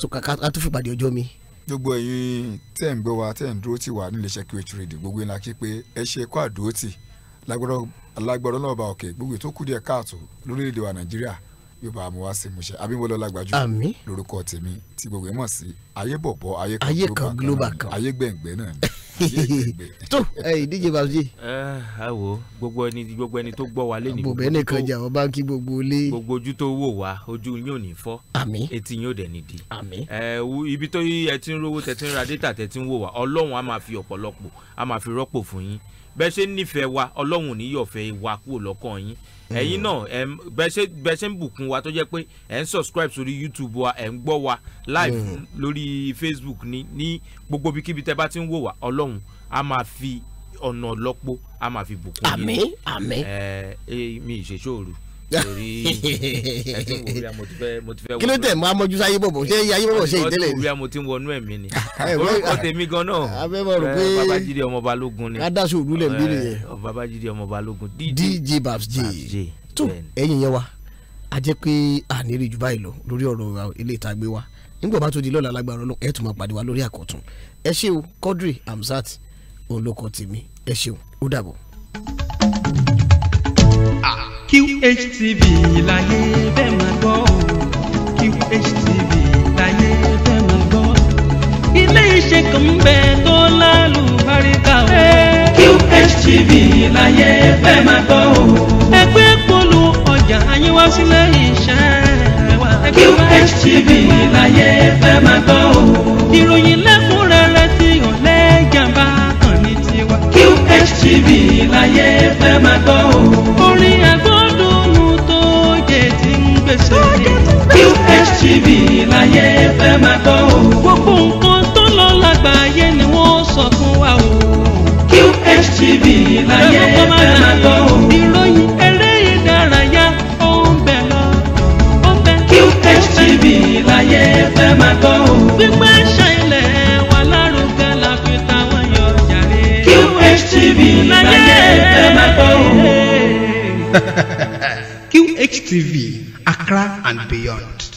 tó fìpàdé ọjọ́ mi. gbogbo ẹ̀yin tẹ́ ń gbọ́ wa tẹ́ ń dúró tì wá níléeṣẹ́ QH Radio gbogbo ńlá kí pé ẹ ṣe kó àdúró tì lágbọ́dọ̀ náà òkè gbogbo ètò kù káàtó lórílẹ̀ wa Nàìjíríà yóò bá mu wá sí ìmúṣẹ abímbọ́lá ọlágbájú lórúkọ tèmi tí gbogbo ẹ mọ̀ sí ayé bọ̀bọ̀ ayé kan global kan ayé gbẹ̀ngbẹ̀ náà ni. tó ìdíje babuji. ẹ ẹ wo gbogbo ẹni gbogbo ẹni tó gbọ́ wa lé ní. bòbẹ́ nìkan jà wọ́n bá ń kí gbogbo lé. gbogbo ojú tó wò wá ojú yín ní fọ́. etí yín ò ní di. àmín ẹ ibi tó yí ẹ ti ń rówó tẹ ti ń ra dátà tẹ ti ń wò wá ọlọ́run á máa fi ọ̀pọ̀lọpọ̀ á máa fi rọ́pò fún yín bẹ́ẹ̀ ṣe ń nífẹ̀ẹ́ wa ọlọ́run ní yọ̀fẹ́ wa kúrò lọ́kàn yín ẹ̀yin náà ẹ̀ bẹ́ẹ̀ ṣe ń bùkún wa tó jẹ́ pé ẹ̀ ń subscribe sórí YouTube wa ẹ̀ ń gbọ́ wa live hmm. lórí Facebook ní ní gbogbo ibikíbi tẹ́ bá ti ń wò wá ọlọ́run a máa fi ọ̀nà lọ́pọ̀ a máa fi bùkún yín. àmín àmín. ẹ ẹ mi ì ṣe sóòru torí ẹ ti wò rí amọ̀tí fẹ́ mo ti fẹ́ wọnú. kí ló tẹ̀ mọ́ amọ̀jú sáyé bọ̀bọ̀ ṣé ayé bọ̀bọ̀ ṣe ìtẹ́lẹ̀ ni. mo ti wọnú ẹ̀mí ni orúkọ ah, tèmi gan-an babajide ọmọ balógun ni. adásù òdúlẹ̀ nbí nìyẹn. babajide ọmọ balógun dj babs j tó ẹ̀yìn yẹn wa a jẹ́ pé àníri jù báyìí lọ lórí ọ̀rọ̀ ilé ìta gbé wa nígbà bá tó di lọ́la lágbára ọlọ́run ẹ̀ tún máa pàdé wa lórí àkọ́tún ẹ ṣeun Quadri Hamzat olóko tèmi ẹ ṣeun ó dàbọ̀. QHTV láyé bẹ́ẹ̀ máa gbọ́ QHTV láyé bẹ́ẹ̀ máa gbọ́. ilé iṣẹ́ kan ń bẹ tó lálùbáríkà o. QHTV láyé bẹ́ẹ̀ máa gbọ́ o. ẹgbẹ́ polu ọjà ayé wá iṣẹ́ wa. QHTV láyé bẹ́ẹ̀ máa gbọ́ o. ìròyìn lẹ́kọ̀ọ́. HTV láyé fẹ́ máa gbọ́ o. orin agbódùnmù tó yẹ ti ń gbèsè. QHTV láyé fẹ́ máa gbọ́ o. gbogbo nǹkan tó lọ lágbàáyé ni wọ́n sọ fún wa o. QHTV láyé fẹ́ máa gbọ́ o. ìròyìn eré ìdárayá ó ń bẹ̀ lọ. QHTV láyé fẹ́ máa gbọ́ o. gbígbẹ́ ṣe. QH TV, Accra and beyond.